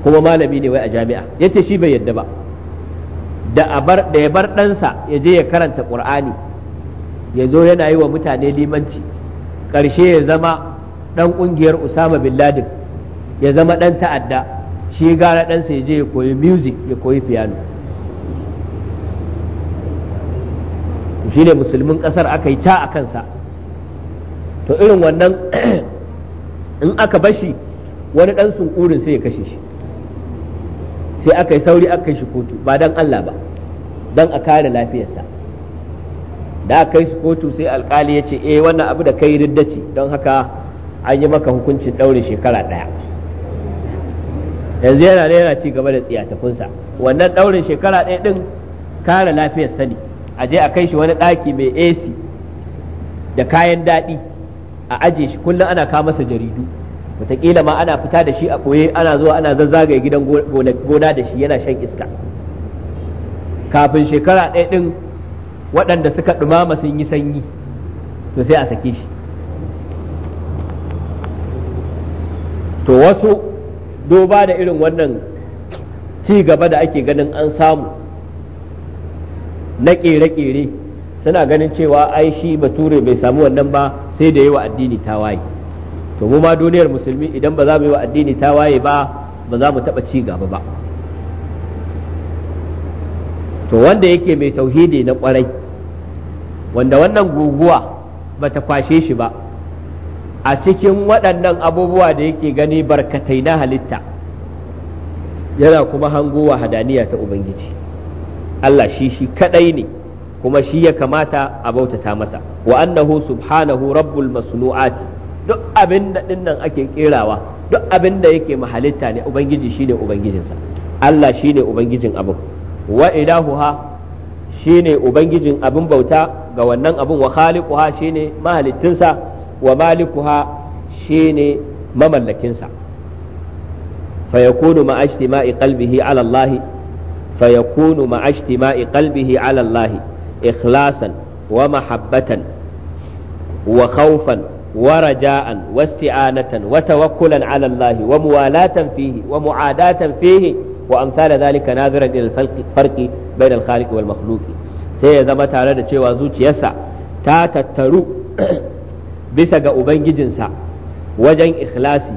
kuma malami ne wai a jami'a ya ce shi bai yadda ba da da ya bar ɗansa ya je ya karanta ƙur'ani ya zo yana yi wa mutane limanci ƙarshe ya zama ɗan ƙungiyar usama bin ladin ya zama ɗan ta'adda shi gara ɗansa ya je ya koyi music ya koyi piano shi ne musulmin ƙasar aka yi ta a kansa to irin wannan <clears throat> in aka bashi wani ɗan sunkurin sai ya kashe shi sai aka yi sauri aka yi shi kotu ba don Allah ba don a kare lafiyarsa da aka yi su kotu sai alkali ya ce eh wannan abu da kai ridda ce don haka an yi maka hukuncin ɗaure shekara ɗaya yanzu yana naira yana ci gaba da tsiyatafinsa wannan ɗaurin shekara ɗaya ɗin kare lafiyarsa ne a je a kai shi wani ɗaki mai AC da kayan daɗi a aje shi kullum ana kawo masa jaridu wataƙila ma ana fita da shi a ɓoye ana zuwa ana zazzagaye gidan gona da shi yana shan iska kafin shekara ɗaya ɗin waɗanda suka ɗumama sun yi sanyi to sai a sake shi to wasu doba da irin wannan ci gaba da ake ganin an samu na ƙere-ƙere suna ganin cewa ai shi bature bai samu wannan ba sai da yawa addini ta waye to mu ma duniyar musulmi idan ba za mu yi wa addini ta waye ba ba za mu taɓa ci gaba ba to wanda yake mai tauhidi na kwarai wanda wannan guguwa ba ta kwashe shi ba a cikin waɗannan abubuwa da yake gani barkatai na halitta yana kuma wa hadaniya ta ubangiji Allah shi shi kadai ne kuma shi ya kamata a bautata masa wa annahu subhanahu rabbul masnu'ati duk abin da dinnan ake kerawa duk abin da yake mahalitta ne ubangiji shine ubangijinsa Allah shine ubangijin abin wa ilahuha shine ubangijin abin bauta ga wannan abin wa khaliquha shine mahalittinsa wa malikuha shine mamallakinsa fa yakunu ma ijtima'i qalbihi ala Allah fa yakunu ma ijtima'i qalbihi ala Allah ikhlasan wa mahabbatan wa khawfan ورجاء واستعانة وتوكلا على الله وموالاة فيه ومعاداة فيه وأمثال ذلك ناظرا إلى الفرق بين الخالق والمخلوق tare تعالى cewa zuciyarsa ta tattaru bisa ga ubangijinsa wajen ikhlasi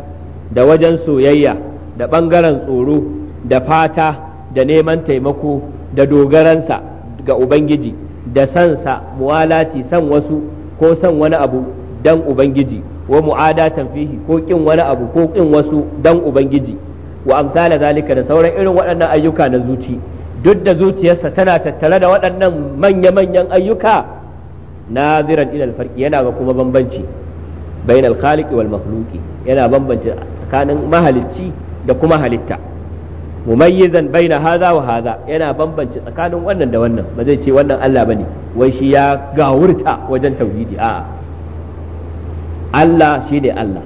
da wajen soyayya da ɓangaren tsoro da fata da neman taimako da dogaransa ga ubangiji da sansa muwalati san wasu ko san wani abu dan ubangiji wa mu'adatan fihi ko kin wani abu ko kin wasu dan ubangiji wa amsala zalika da sauran irin waɗannan ayyuka na zuci duk da zuciyarsa tana tattare da waɗannan manya-manyan ayyuka naziran ila alfarqi yana ga kuma bambanci bain alkhaliq wal makhluqi yana bambanci tsakanin mahalicci da kuma halitta mumayyizan baina haza wa haza yana bambanci tsakanin wannan da wannan ba zai ce wannan Allah bane wai shi ya gawurta wajen tauhidi a'a Allah shi ne Allah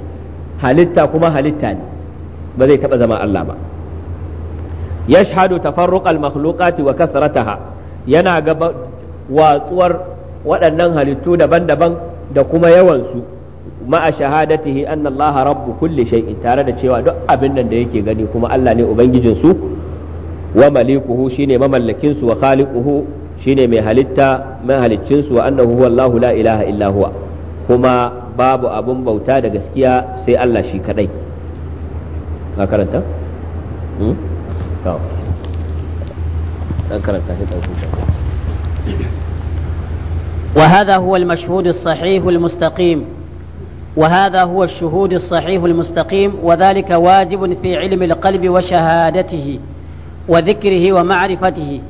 halitta kuma halitta ne ba zai taɓa zama Allah ba yashhadu tafarruqal makhluqati wa kasrataha yana gaba watsuwar waɗannan halittu daban-daban da kuma yawansu ma'a shahadatihi annallaha rabbu kulli shay'in tare da cewa duk abin nan da yake gani kuma Allah ne ubangijin su wa malikuhu shine mamallakin su wa khaliquhu shine mai halitta mai haliccinsu wa annahu Allahu la ilaha illa huwa kuma babu abun bauta da gaskiya sai Allah shi kadai ka karanta? وهذا هو المشهود الصحيح المستقيم وهذا هو الشهود الصحيح المستقيم وذلك واجب في علم القلب وشهادته وذكره ومعرفته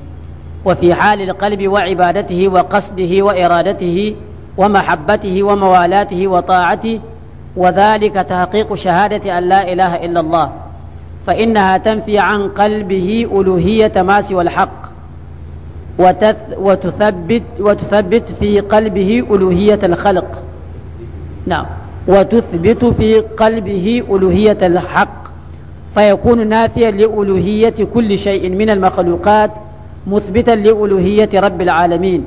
وفي حال القلب وعبادته وقصده وإرادته ومحبته وموالاته وطاعته وذلك تحقيق شهادة أن لا إله إلا الله فإنها تنفي عن قلبه ألوهية ما سوى الحق وتث وتثبت وتثبت في قلبه ألوهية الخلق نعم وتثبت في قلبه ألوهية الحق فيكون نافيا لألوهية كل شيء من المخلوقات مثبتا لألوهية رب العالمين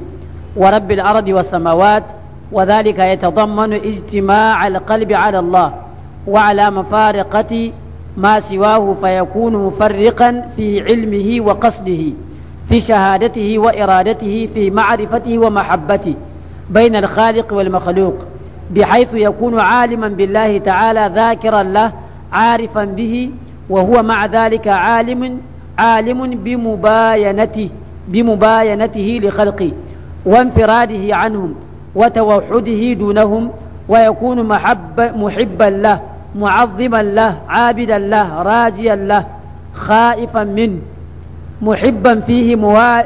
ورب الأرض والسماوات وذلك يتضمن اجتماع القلب على الله وعلى مفارقة ما سواه فيكون مفرقا في علمه وقصده في شهادته وإرادته في معرفته ومحبته بين الخالق والمخلوق بحيث يكون عالما بالله تعالى ذاكرا له عارفا به وهو مع ذلك عالم عالم بمباينته بمباينته لخلقه وانفراده عنهم وتوحده دونهم ويكون محب محبا له معظما له عابدا له راجيا له خائفا منه محبا فيه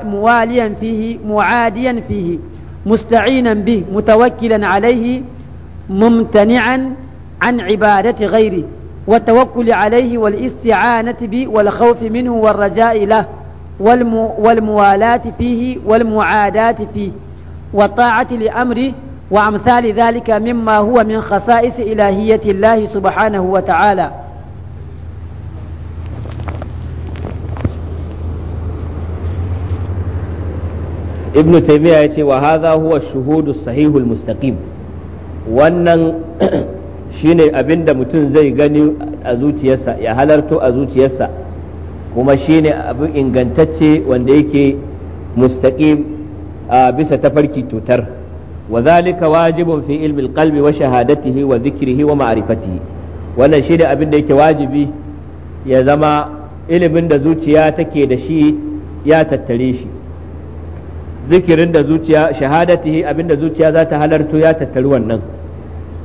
مواليا فيه معاديا فيه مستعينا به متوكلا عليه ممتنعا عن عبادة غيره والتوكل عليه والاستعانة به والخوف منه والرجاء له والموالاة فيه والمعاداة فيه والطاعة لأمره وأمثال ذلك مما هو من خصائص إلهية الله سبحانه وتعالى ابن تيمية يقول وهذا هو الشهود الصحيح المستقيم wannan <clears throat> shine abin da mutum zai gani a zuciyarsa ya halarto a zuciyarsa kuma shine abin ingantacce wanda yake mustaqim bisa tafarki tutar wa zalika wajibun fi ilmi alqalbi wa shahadatihi wa dhikrihi wa ma'rifatihi wannan shi da abin da yake wajibi ya zama ilimin da zuciya take da shi ya tattare shi zikirin da zuciya shahadatihi abin da zuciya za ta halarto ya tattaru wannan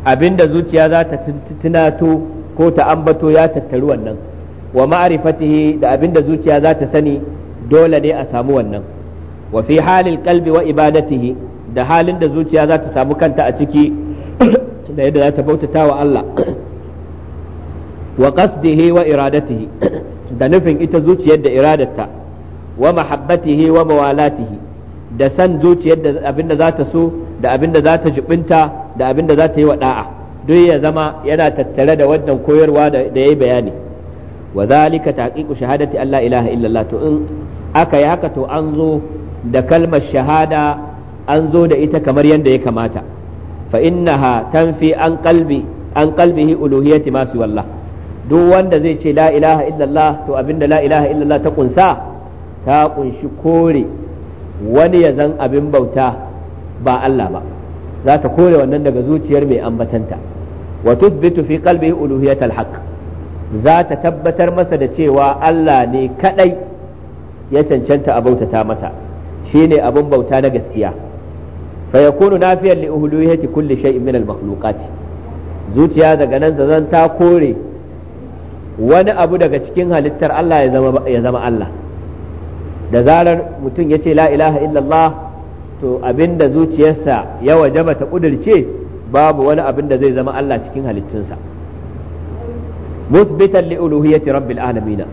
abin da zuciya za ta tunato ko ta ambato ya tattaru wannan wa ma'rifatihi da abin da zuciya za ta sani dole ne a samu wannan wa fi halil qalbi wa ibadatihi da halin da zuciya za ta samu kanta a ciki <coughs> da yadda za ta bautata wa Allah <coughs> wa qasdihi wa iradatihi <coughs> da nufin ita zuciyar da iradarta wa mahabbatihi wa mawalatihi da san zuciyar da abinda za ta so da abinda za ta jibinta da abinda za ta yi wa da'a duk zama yana tattare da wannan koyarwa da yayi bayani wa zalika tahqiqu shahadati alla illallah to in aka yi haka to an zo da kalmar shahada an zo da ita kamar yadda ya kamata fa innaha tanfi an qalbi an qalbihi uluhiyati ma wallah duk wanda zai ce la ilaha illallah to abinda la ilaha illallah ta kunsa ta kunshi kore wani ya zan abin bauta ba Allah ba za ta kore wannan daga zuciyar mai ambatanta wa tusbitu fi qalbihi uluhiyatal haqq za ta tabbatar masa da cewa Allah ne kadai ya cancanta a bautata masa shine abin bauta na gaskiya fa yakunu nafiyan li uluhiyati kulli shay'in min al makhluqat zuciya daga nan zan ta kore wani abu daga cikin halittar Allah ya zama Allah da zarar mutum ya ce la ilaha illallah to abinda zuciyarsa ya wajaba ta kudirce babu wani abin da zai zama Allah cikin halittunsa musbitan li uluhiyati rabbil alamin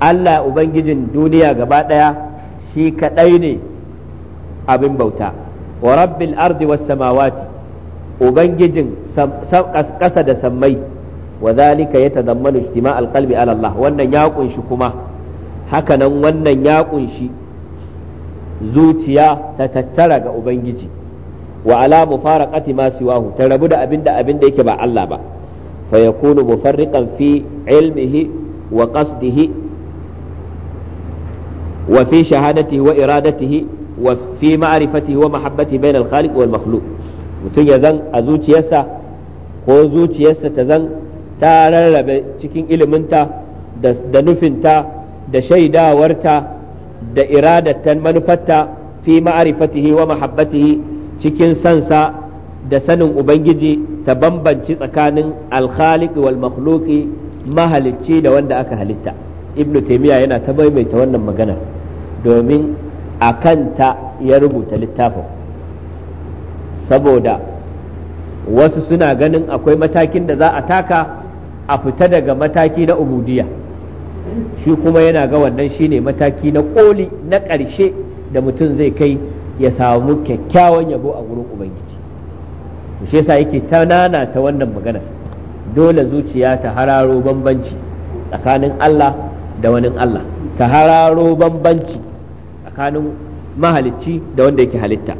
Allah ubangijin duniya gaba daya shi kadai ne abin bauta wa rabbil ardi was samawati ubangijin ƙasa da sammai wa zalika yatadammanu ijtima' alqalbi ala Allah wannan ya kunshi kuma haka nan wannan ya kunshi zuciya ta tattara ga ubangiji wa ala mufaraqati ma siwahu ta rabu da abinda abinda yake ba Allah ba fa yakunu mufarriqan fi ilmihi wa qasdihi wa fi wa iradatihi fi ma'rifatihi wa mutum ya zan a zuciyarsa ko zuciyarsa ta zan ta rarrabe cikin iliminta da nufinta da shaidawarta da iradatan manufarta fi ma'rifatihi wa mahabbatihi cikin sansa da sanin ubangiji ta bambanci tsakanin alkhaliq wal mahalicci da wanda aka halitta ibnu taymiya yana ta maimaita wannan maganar domin a kanta ya rubuta littafin saboda wasu suna ganin akwai matakin da za a taka a fita daga mataki na ubudiya shi kuma yana ga wannan shine mataki na koli na ƙarshe da mutum zai kai ya samu kyakkyawan yabo a wurin ubangiji shi yasa yake ta nana ta wannan magana dole zuciya ta hararo bambanci tsakanin Allah da wani Allah ta hararo bambanci tsakanin mahalicci da wanda yake halitta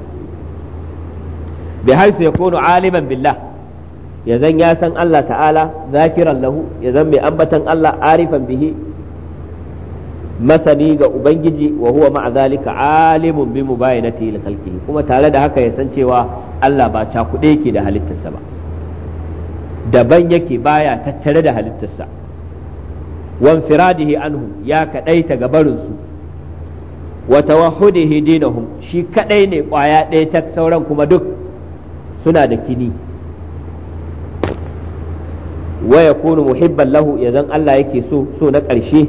bi haisu ya kono aliman billah ya zan ya san Allah ta'ala zakiran lahu ya zan mai ambatan Allah arifan bihi masani ga ubangiji wa huwa ma'a zalika alimun bi mubayinati li khalqihi kuma tare da haka ya san cewa Allah ba cakuɗe yake da halittarsa ba daban yake baya tattare da halittarsa wa firadihi anhu ya kadaita ga barinsu wa tawahhudihi dinahum shi kadai ne kwaya ɗaya ta sauran kuma duk suna da kini wa yakunu muhibban lahu yazan Allah yake so so na ƙarshe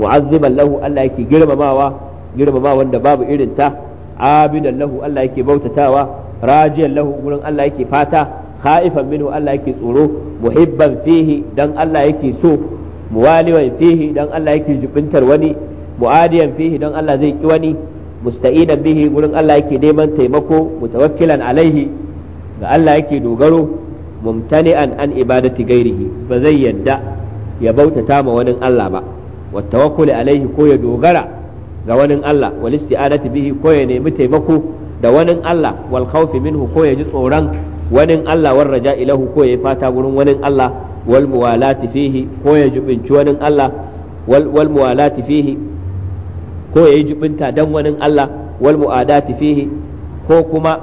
mu'azziban lahu Allah yake girmamawa girmamawa wanda babu irin ta abidan lahu Allah yake bautatawa rajiyan lahu gurin Allah yake fata khaifan minhu Allah yake tsoro muhibban fihi dan Allah yake so muwaliwan fihi dan Allah yake jibintar wani mu'adiyan fihi don Allah zai ki wani musta'idan bihi gurin Allah yake neman taimako mutawakkilan alaihi ga Allah yake dogaro mumtani'an an ibadati gairihi ba zai yadda ya bautata ma wani Allah ba wa tawakkuli alaihi ko ya dogara ga wani Allah wal isti'anati bihi ko ya nemi taimako da wani Allah wal khawfi minhu ko ya ji tsoron wani Allah war raja ilahu ko ya fata gurin wani Allah wal muwalati fihi ko ya jubinci wani Allah wal muwalati fihi ko ya yi jubinta dan wani Allah wal mu'adati fihi ko kuma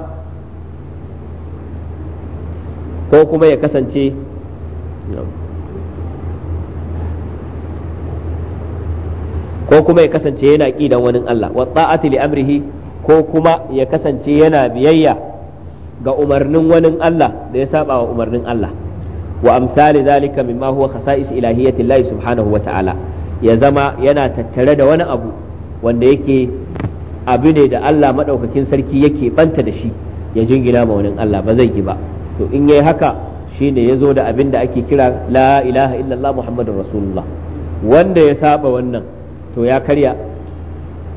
ko kuma ya kasance ko kuma ya kasance yana ƙi dan wani Allah wa ta'ati li amrihi ko kuma ya kasance yana biyayya ga umarnin wani Allah da ya saba wa umarnin Allah wa amsali zalika mimma huwa khasa'is ilahiyati Allah subhanahu wa ta'ala ya zama yana tattare da wani abu wanda yake abu ne da Allah maɗaukakin sarki yake banta da shi ya jingina ma wani Allah ba zai yi ba to in yayi haka shine ya zo da abin da ake kira la ilaha illallah muhammadur rasulullah wanda ya saba wannan to ya karya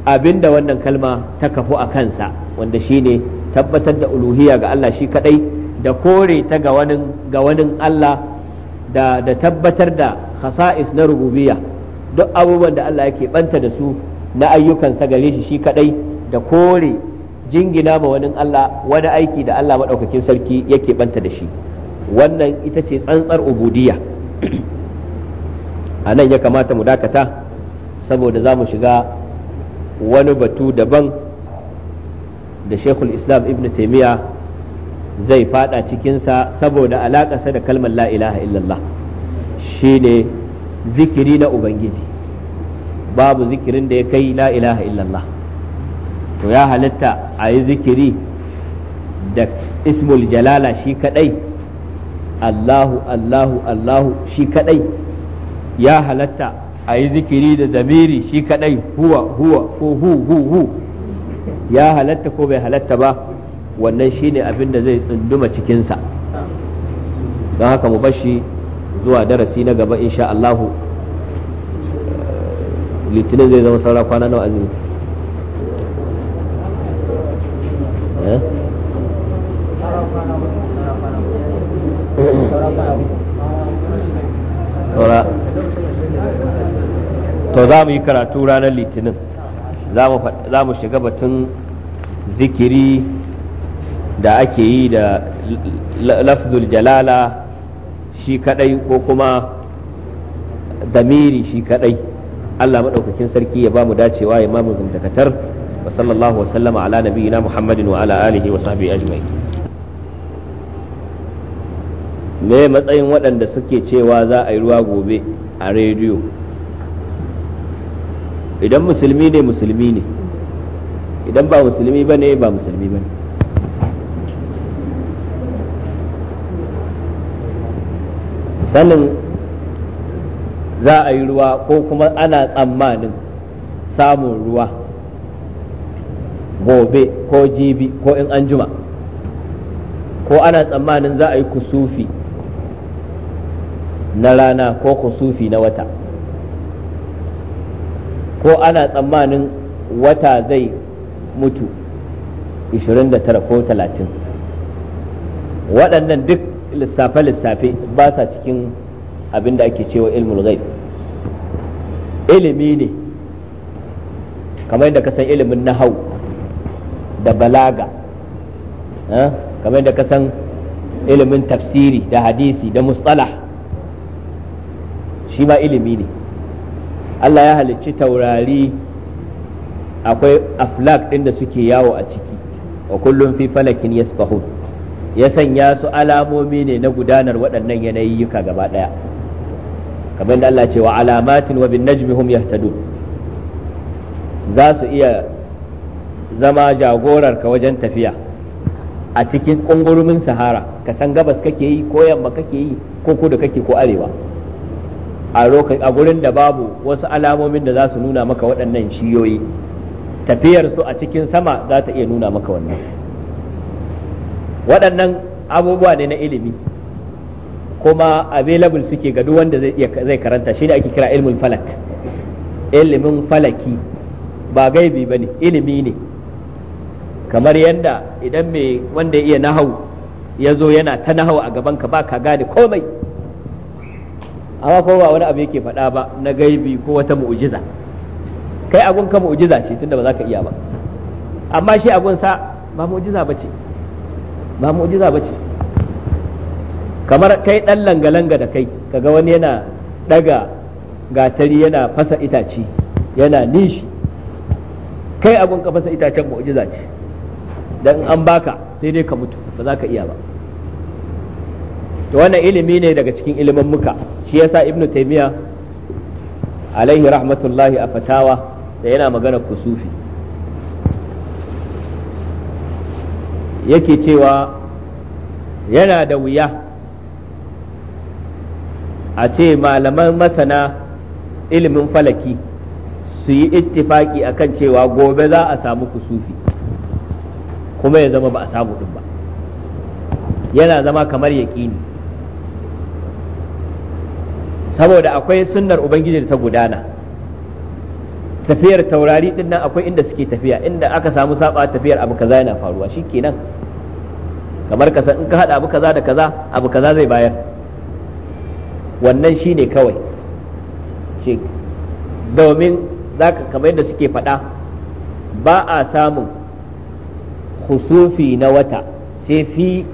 abin da wannan kalma ta kafu a kansa wanda shine tabbatar da uluhiyya ga Allah shi kadai da kore ta ga wani ga wani Allah da da tabbatar da khasa'is na rububiyya duk abubuwan da Allah yake banta da su na ayyukansa gare shi shi kadai da kore jingina ma wani Allah wani aiki da Allah maɗaukakin sarki yake banta da shi wannan ita ce tsantsar ubudiya. a nan ya kamata mu dakata saboda za mu shiga wani batu daban da shekul islam ibn taimiyya zai fada cikinsa saboda alaƙarsa da kalmar la ilaha illallah shine zikiri na ubangiji babu zikirin da ya kai la ilaha illallah to ya halitta a yi zikiri da ismul jalala shi kadai Allahu Allahu Allahu shi kadai ya halatta a yi zikiri da zamiri shi kadai huwa huwa ko hu hu hu ya halatta ko bai halatta ba wannan shine abin da zai tsunduma cikinsa don haka mu bashi zuwa darasi na gaba insha Allahu litinin zai zama saura kwana nawa azumi eh? to za mu yi karatu ranar litinin za mu shiga batun zikiri da ake yi da lafzul jalala shi kadai ko kuma damiri shi kadai Allah maɗaukakin sarki ya ba mu dacewa ya ma mu zantakatar wa sallallahu wa sallama ala nabiyyina Muhammadin wa ala alihi wa sahbihi ajma'in me matsayin waɗanda suke cewa za a yi ruwa gobe a rediyo idan musulmi ne musulmi ne idan ba musulmi ba ne ba musulmi ba ne sanin za a yi ruwa ko kuma ana tsammanin samun ruwa gobe ko jibi ko in an juma ko ana tsammanin za a yi kusufi na rana ko kusufi na wata ko ana tsammanin wata zai mutu 29 ko 30 waɗannan duk lissafe-lissafe ba sa cikin abinda ake cewa ilmul ghaib ilimi ne kamar yadda ka san ilimin nahau da balaga eh, kamar yadda ka san ilimin tafsiri da hadisi da mustalah shi ma ilimi ne Allah ya halicci taurari akwai aflak ɗin da suke yawo a ciki wa kullum fi falakin yasbahun ya sanya su alamomi ne na gudanar waɗannan yanayi gaba ɗaya kamar yadda Allah ce wa alamatin wa bin najmi hum yahtadun za su iya zama jagorar ka wajen tafiya a cikin kungurumin sahara ka san gabas kake yi ko yamma kake yi ko kudu kake ko arewa a gurin da babu wasu alamomin da za su nuna maka waɗannan shiyoyi tafiyar su a cikin sama za ta iya nuna maka wannan waɗannan abubuwa ne na ilimi kuma available suke ga duk wanda zai zai karanta shi ne ake kira ilmin falak ilimin falaki ba gaibi bane ilimi ne kamar yanda idan mai wanda iya nahau ya zo yana ta nahau a gaban ka ba ka gane komai amma ko ba wani abu yake faɗa ba na gaibi ko wata mu'jiza kai agun ka mu'jiza ce tunda ba za ka iya ba amma shi agun sa ba mu'jiza bace ba mu'jiza bace kamar kai ɗan langa-langa da kai kaga wani yana ɗaga gatari yana fasa itace yana nishi kai abun ka fasa itacen mu'jiza ce dan an baka sai dai ka mutu ba za ka iya ba to wannan ilimi ne daga cikin ilimin muka shi yasa ibnu taymiya alaihi rahmatullahi a fatawa da yana magana ku kusufi yake cewa yana da wuya a ce malaman masana ilimin falaki su yi ittifaki kan cewa gobe za a samu kusufi kuma ya zama ba a samu din ba yana zama kamar yaƙini saboda akwai sunnar ubangiji da ta gudana tafiyar taurari din nan akwai inda suke tafiya inda aka samu saba tafiyar abu kaza yana faruwa shi kenan kamar ka san in ka hada abu kaza da kaza abu kaza zai bayar wannan shine kawai domin zaka kamar yadda suke faɗa ba a samun khusufi na wata sai fi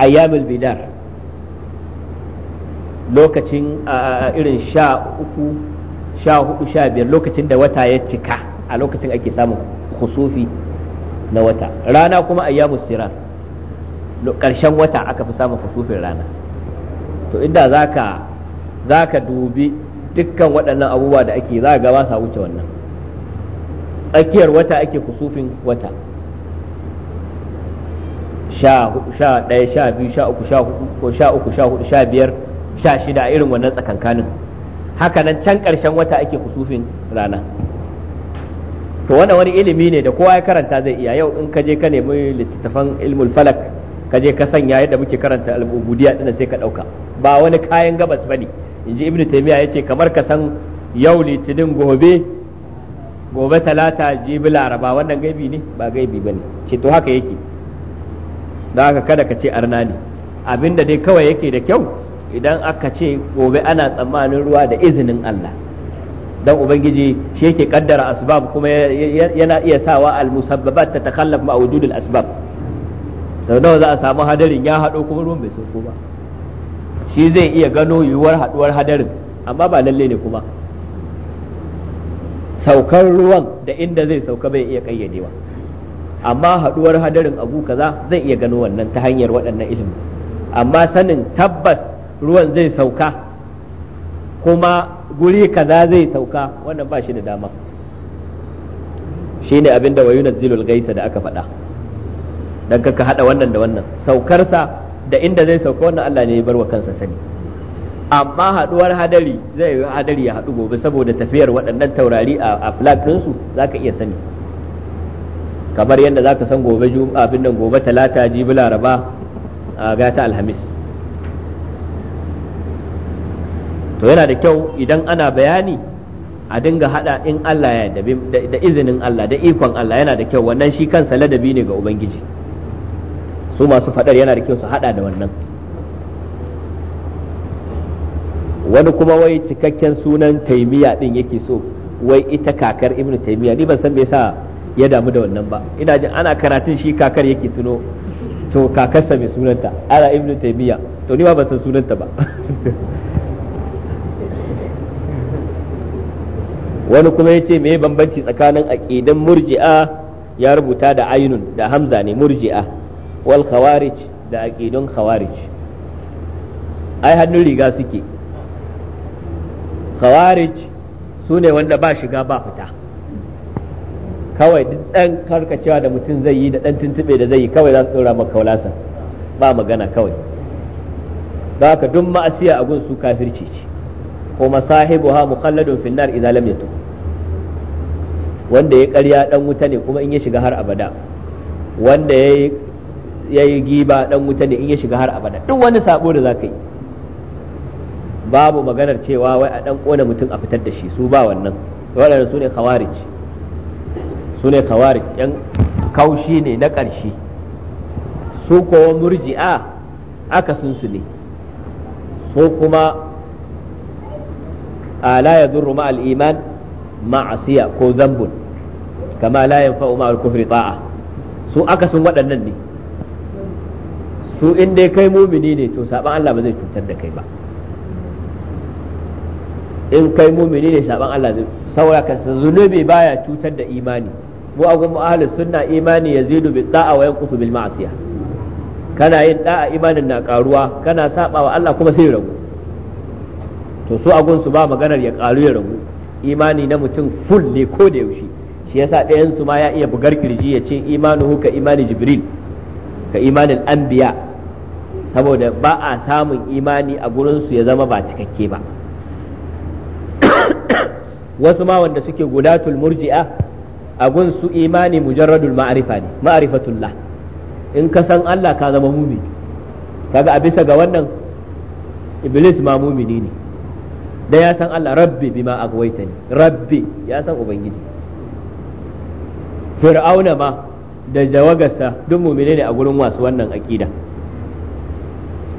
ayyamul bidar lokacin irin sha uku sha hudu sha biyar lokacin da wata ya cika a lokacin ake samun khusufi na wata rana kuma ayyamus sirar ƙarshen wata aka fi samun kusufin rana to inda zaka zaka dubi dukkan waɗannan abubuwa da ake za ga ba sa wuce wannan tsakiyar wata ake kusufin wata sha sha ɗaya sha biyu sha uku sha hudu sha uku sha hudu sha biyar sha shida a irin wannan tsakankanin haka nan can ƙarshen wata ake kusufin rana to wannan wani ilimi ne da kowa ya karanta zai iya yau in ka je ka nemi littattafan ilmul falak ka je ka sanya yadda muke karanta al-ubudiyya sai ka dauka ba wani kayan gabas bane inji ibnu ya ce kamar ka san yau litinin gobe gobe talata jibi laraba wannan gaibi ne ba gaibi bane ce to haka yake da haka kada ka ce arna ne abinda dai kawai yake da kyau idan aka ce gobe ana tsammanin ruwa da izinin Allah dan ubangiji shi yake kaddara asbab kuma yana iya sawa al-musabbabat ta takallaf a wujudul asbab sau nawa za a samu hadarin ya haɗo kuma ruwan bai sauko ba shi zai iya gano yiwuwar haɗuwar hadarin amma ba lalle ne kuma saukar ruwan da inda zai sauka bai iya kayyadewa amma haɗuwar hadarin abu kaza zai iya gano wannan ta hanyar waɗannan ilimi amma sanin tabbas ruwan zai sauka kuma guri kaza zai sauka wannan ba shi da dama shi ne abin da abinda zilul gaisa da aka faɗa. dan ka hada wannan da wannan saukarsa da inda zai sauka wannan Allah ne ya bar wa kansa sani amma haduwar hadari zai yi hadari ya hadu gobe saboda tafiyar waɗannan taurari a flag ɗinsu za ka iya sani kamar yadda zaka san gobe abin nan gobe talata jibi raba a ta alhamis to yana da kyau idan ana bayani a dinga hada in Allah ya da izinin Allah da ikon Allah yana da kyau wannan shi kansa ladabi ne ga ubangiji su masu fadar yana da kyau su hada da wannan wani kuma wai cikakken sunan taimiyya din yake so wai ita kakar ibnu taimiyya ni ban san me yasa ya damu da wannan ba ina jin ana karatun shi kakar yake tuno to kakarsa mai sunanta ala ibnu taimiyya to ni ba ban san sunanta ba <laughs> wani kuma ya ce me bambanci tsakanin aqidan murji'a ya rubuta da ainun da hamza ne murji'a wal khawarij da aqidun khawarij ai hannun riga suke khawarij su ne wanda ba shiga ba fita kawai duk dan karkacewa da mutum zai yi da dan tuntube da zai yi kawai za su dora maka wulasa ba magana kawai da ka duk ma'asiya a gun su kafirci ce kuma ha mukhalladun finnar idza lam yatu wanda ya karya dan wuta ne kuma in ya shiga har abada wanda yayi yayi giba dan wuta ne in ya shiga har abada duk wani sabo da zaka yi babu maganar cewa wai a dan kona mutum a fitar da shi su ba wannan waɗanda su ne khawarij su ne khawarij yan kaushi ne na ƙarshe su kowa murji'a sun su ne su kuma ala ya zurru ma'al iman ma'asiya ko zambun kama la yanfa'u ma'al kufri ta'a su sun waɗannan ne to in dai kai mumini ne to saban Allah ba zai cutar da kai ba in kai mumini ne saban Allah zai saura ka zunubi baya cutar da imani mu a gumu ahlus sunna imani yazidu bi da'a wa yanqusu bil ma'siyah kana yin da'a imanin na karuwa kana sabawa Allah kuma sai ragu to su a su ba maganar ya karu ya ragu imani na mutum full ne ko da yaushe shi yasa ɗayan su ma ya iya bugar kirji ya ce imanu ka imani jibril ka imanin anbiya saboda ba a samun imani a gurinsu ya zama ba cikakke ba <coughs> wasu ma wanda suke gudatul murji'a a su imani mujarradul ma'arifa ne ma'arifatullah in ka san Allah ka zama mumi kaga a bisa ga wannan iblis ma mumini ne da ya san Allah rabbi bima agwaitani rabbi ya san ubangiji fir'auna ma da dawagarsa duk mu'mine ne a gurin wasu wannan aqida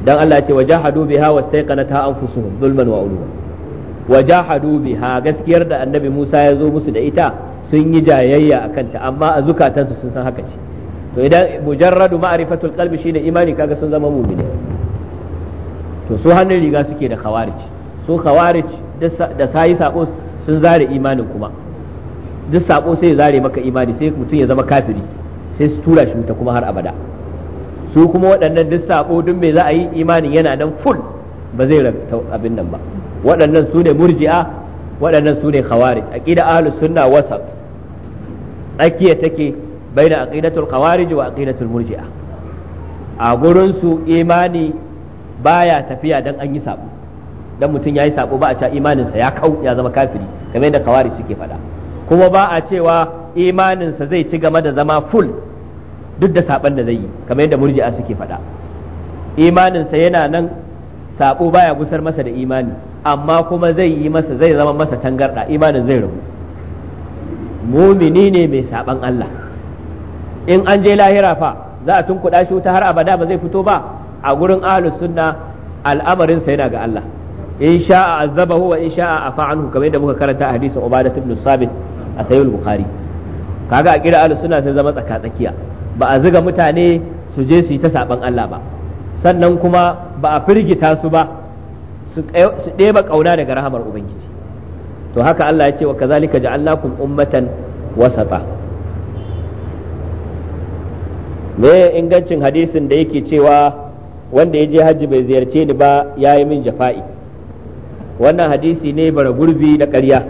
dan Allah ce wajahadu biha wastaiqanata anfusuhum zulman wa ulwa wajahadu biha gaskiyar da annabi Musa ya zo musu da ita sun yi jayayya akan ta amma a zukatansu sun san haka ce to idan mujarradu ma'rifatul qalbi shine imani kaga sun zama mumine to su hannun riga suke da khawarij su khawarij da sayi sako sun zare imanin kuma duk sako sai ya zare maka imani sai mutum ya zama kafiri sai su tura shi wuta kuma har abada su kuma waɗannan duk saƙo duk me za a yi imanin yana nan full ba zai rabta abin nan ba waɗannan su ne murji'a waɗannan su ne khawari aqida ahlus sunna wasat tsakiya take baina aqidatul khawarij wa aqidatul murji'a a gurin su imani baya tafiya dan an yi sako dan mutum yayi sako ba a cewa imaninsa ya kau ya zama kafiri kamar yadda khawarij suke faɗa kuma ba a cewa imaninsa zai ci gaba da zama full duk da saban da zai yi kamar yadda murji'a suke faɗa imaninsa yana nan sabo baya gusar masa da imani amma kuma zai yi masa zai zama masa tangarda imanin zai rabu mumini ne mai saban Allah in an je lahira fa za a tunkuɗa shi wuta har abada ba zai fito ba a gurin ahlus sunna al'amarin yana ga Allah in sha'a azabahu wa in sha'a afa anhu kamar yadda muka karanta a hadisin Ubadah ibn Sabit a sayyid bukhari kaga a kira ahlus sunna sai zama tsaka tsakiya ba a ziga mutane su je su yi ta saɓan Allah ba sannan kuma ba a firgita su ba su ɗeba ƙauna daga rahamar ubangiji to haka Allah ya ce wa kazalika ja'alnakum ummatan wasata me ingancin hadisin da yake cewa wanda ya je hajji bai ziyarce ni ba ya yi min jafa'i wannan hadisi ne bara gurbi na ƙarya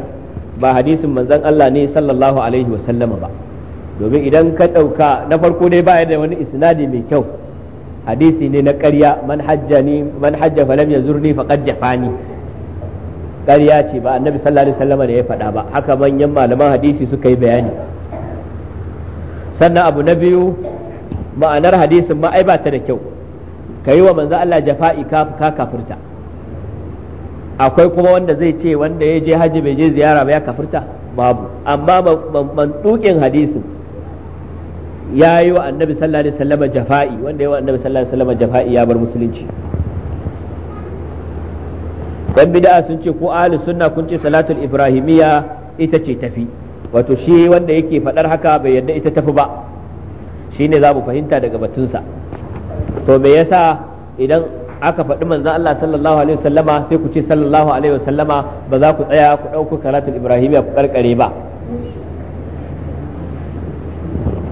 ba hadisin manzon Allah ne sallallahu alaihi wasallama ba domin idan ka ɗauka na farko dai ba da wani isnadi mai kyau hadisi ne na ƙarya man hajja falam ya zurni falam jafani ƙarya ce ba annabi sallallahu alaihi wasallam da ya faɗa ba haka manyan malaman hadisi suka yi bayani sannan abu na biyu ma'anar hadisin ma ai ba ta da kyau ka yi wa manzo Allah jafa'i ka kafirta akwai kuma wanda zai ce wanda ya je hajji bai je ziyara ba ya kafirta babu amma man dukin hadisin ya yi wa annabi sallallahu alaihi wasallam jafa'i wanda ya wa annabi sallallahu alaihi wasallam jafa'i ya bar musulunci dan bid'a sun ce ko ahli sunna kun ce salatul ibrahimiyya ita ce tafi wato shi wanda yake fadar haka bai yadda ita tafi ba shine za mu fahimta daga batunsa to me yasa idan aka faɗi manzon Allah sallallahu alaihi wasallama sai ku ce sallallahu alaihi wasallama ba za ku tsaya ku ɗauko salatul ibrahimiyya ku karkare ba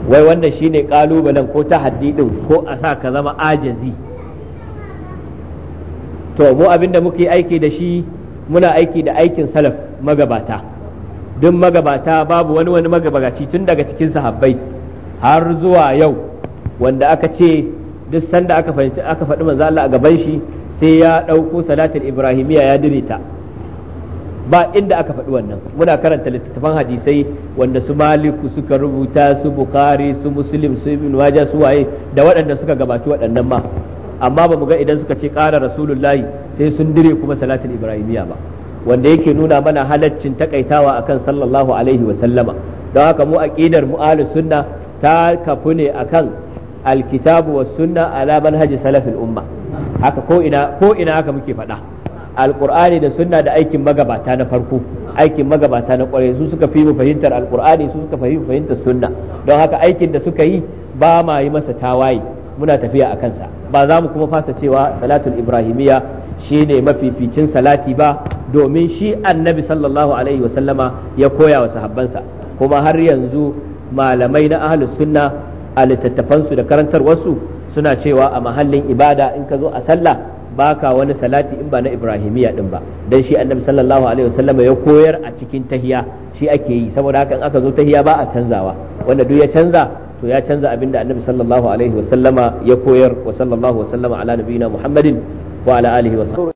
wai wannan shine kalubalen ko tahaddi din ko a sa ka zama ajazi to mu abin abinda muke aiki da shi muna aiki da aikin salaf magabata duk magabata babu wani wani magabaci tun daga cikin sahabbai har zuwa yau wanda aka ce duk sanda aka fahimci faɗi manzo Allah a gaban shi sai ya ɗauko salatul ibrahimiya ya dire ta ba inda aka faɗi wannan muna karanta littattafan hadisai wanda su maliku suka rubuta su bukhari su muslim su ibn waja su waye da waɗanda suka gabaci waɗannan ma amma ba mu ga idan suka ce ƙara rasulullahi sai sun dire kuma salatul ibrahimiya ba wanda yake nuna mana halaccin takaitawa akan sallallahu alaihi wa sallama don haka mu aqidar mu ahlus sunna ta kafu ne akan alkitabu was sunna ala manhaji salafil umma haka ko ina ko ina haka muke faɗa alkur'ani da sunna da aikin magabata na farko aikin magabata na kwarai su suka fi mu fahimtar alkur'ani su suka fi mu fahimtar sunna don haka aikin da suka yi ba ma yi masa tawaye muna tafiya a kansa ba za mu kuma fasa cewa salatul ibrahimiyya shine mafificin salati ba domin shi annabi sallallahu alaihi sallama ya koya wa sahabbansa kuma har yanzu malamai na ahlus sunna a littattafansu da karantarwarsu suna cewa a mahallin ibada in ka zo a sallah baka wani salati in ba na ibrahimiya din ba dan shi annabi sallallahu alaihi wasallam ya koyar a cikin tahiya shi ake yi saboda haka in aka zo tahiya ba a canzawa wanda duk ya canza to ya canza abinda annabi sallallahu alaihi wasallama ya koyar wa sallallahu wasallama ala nabiyina muhammadin wa ala alihi wa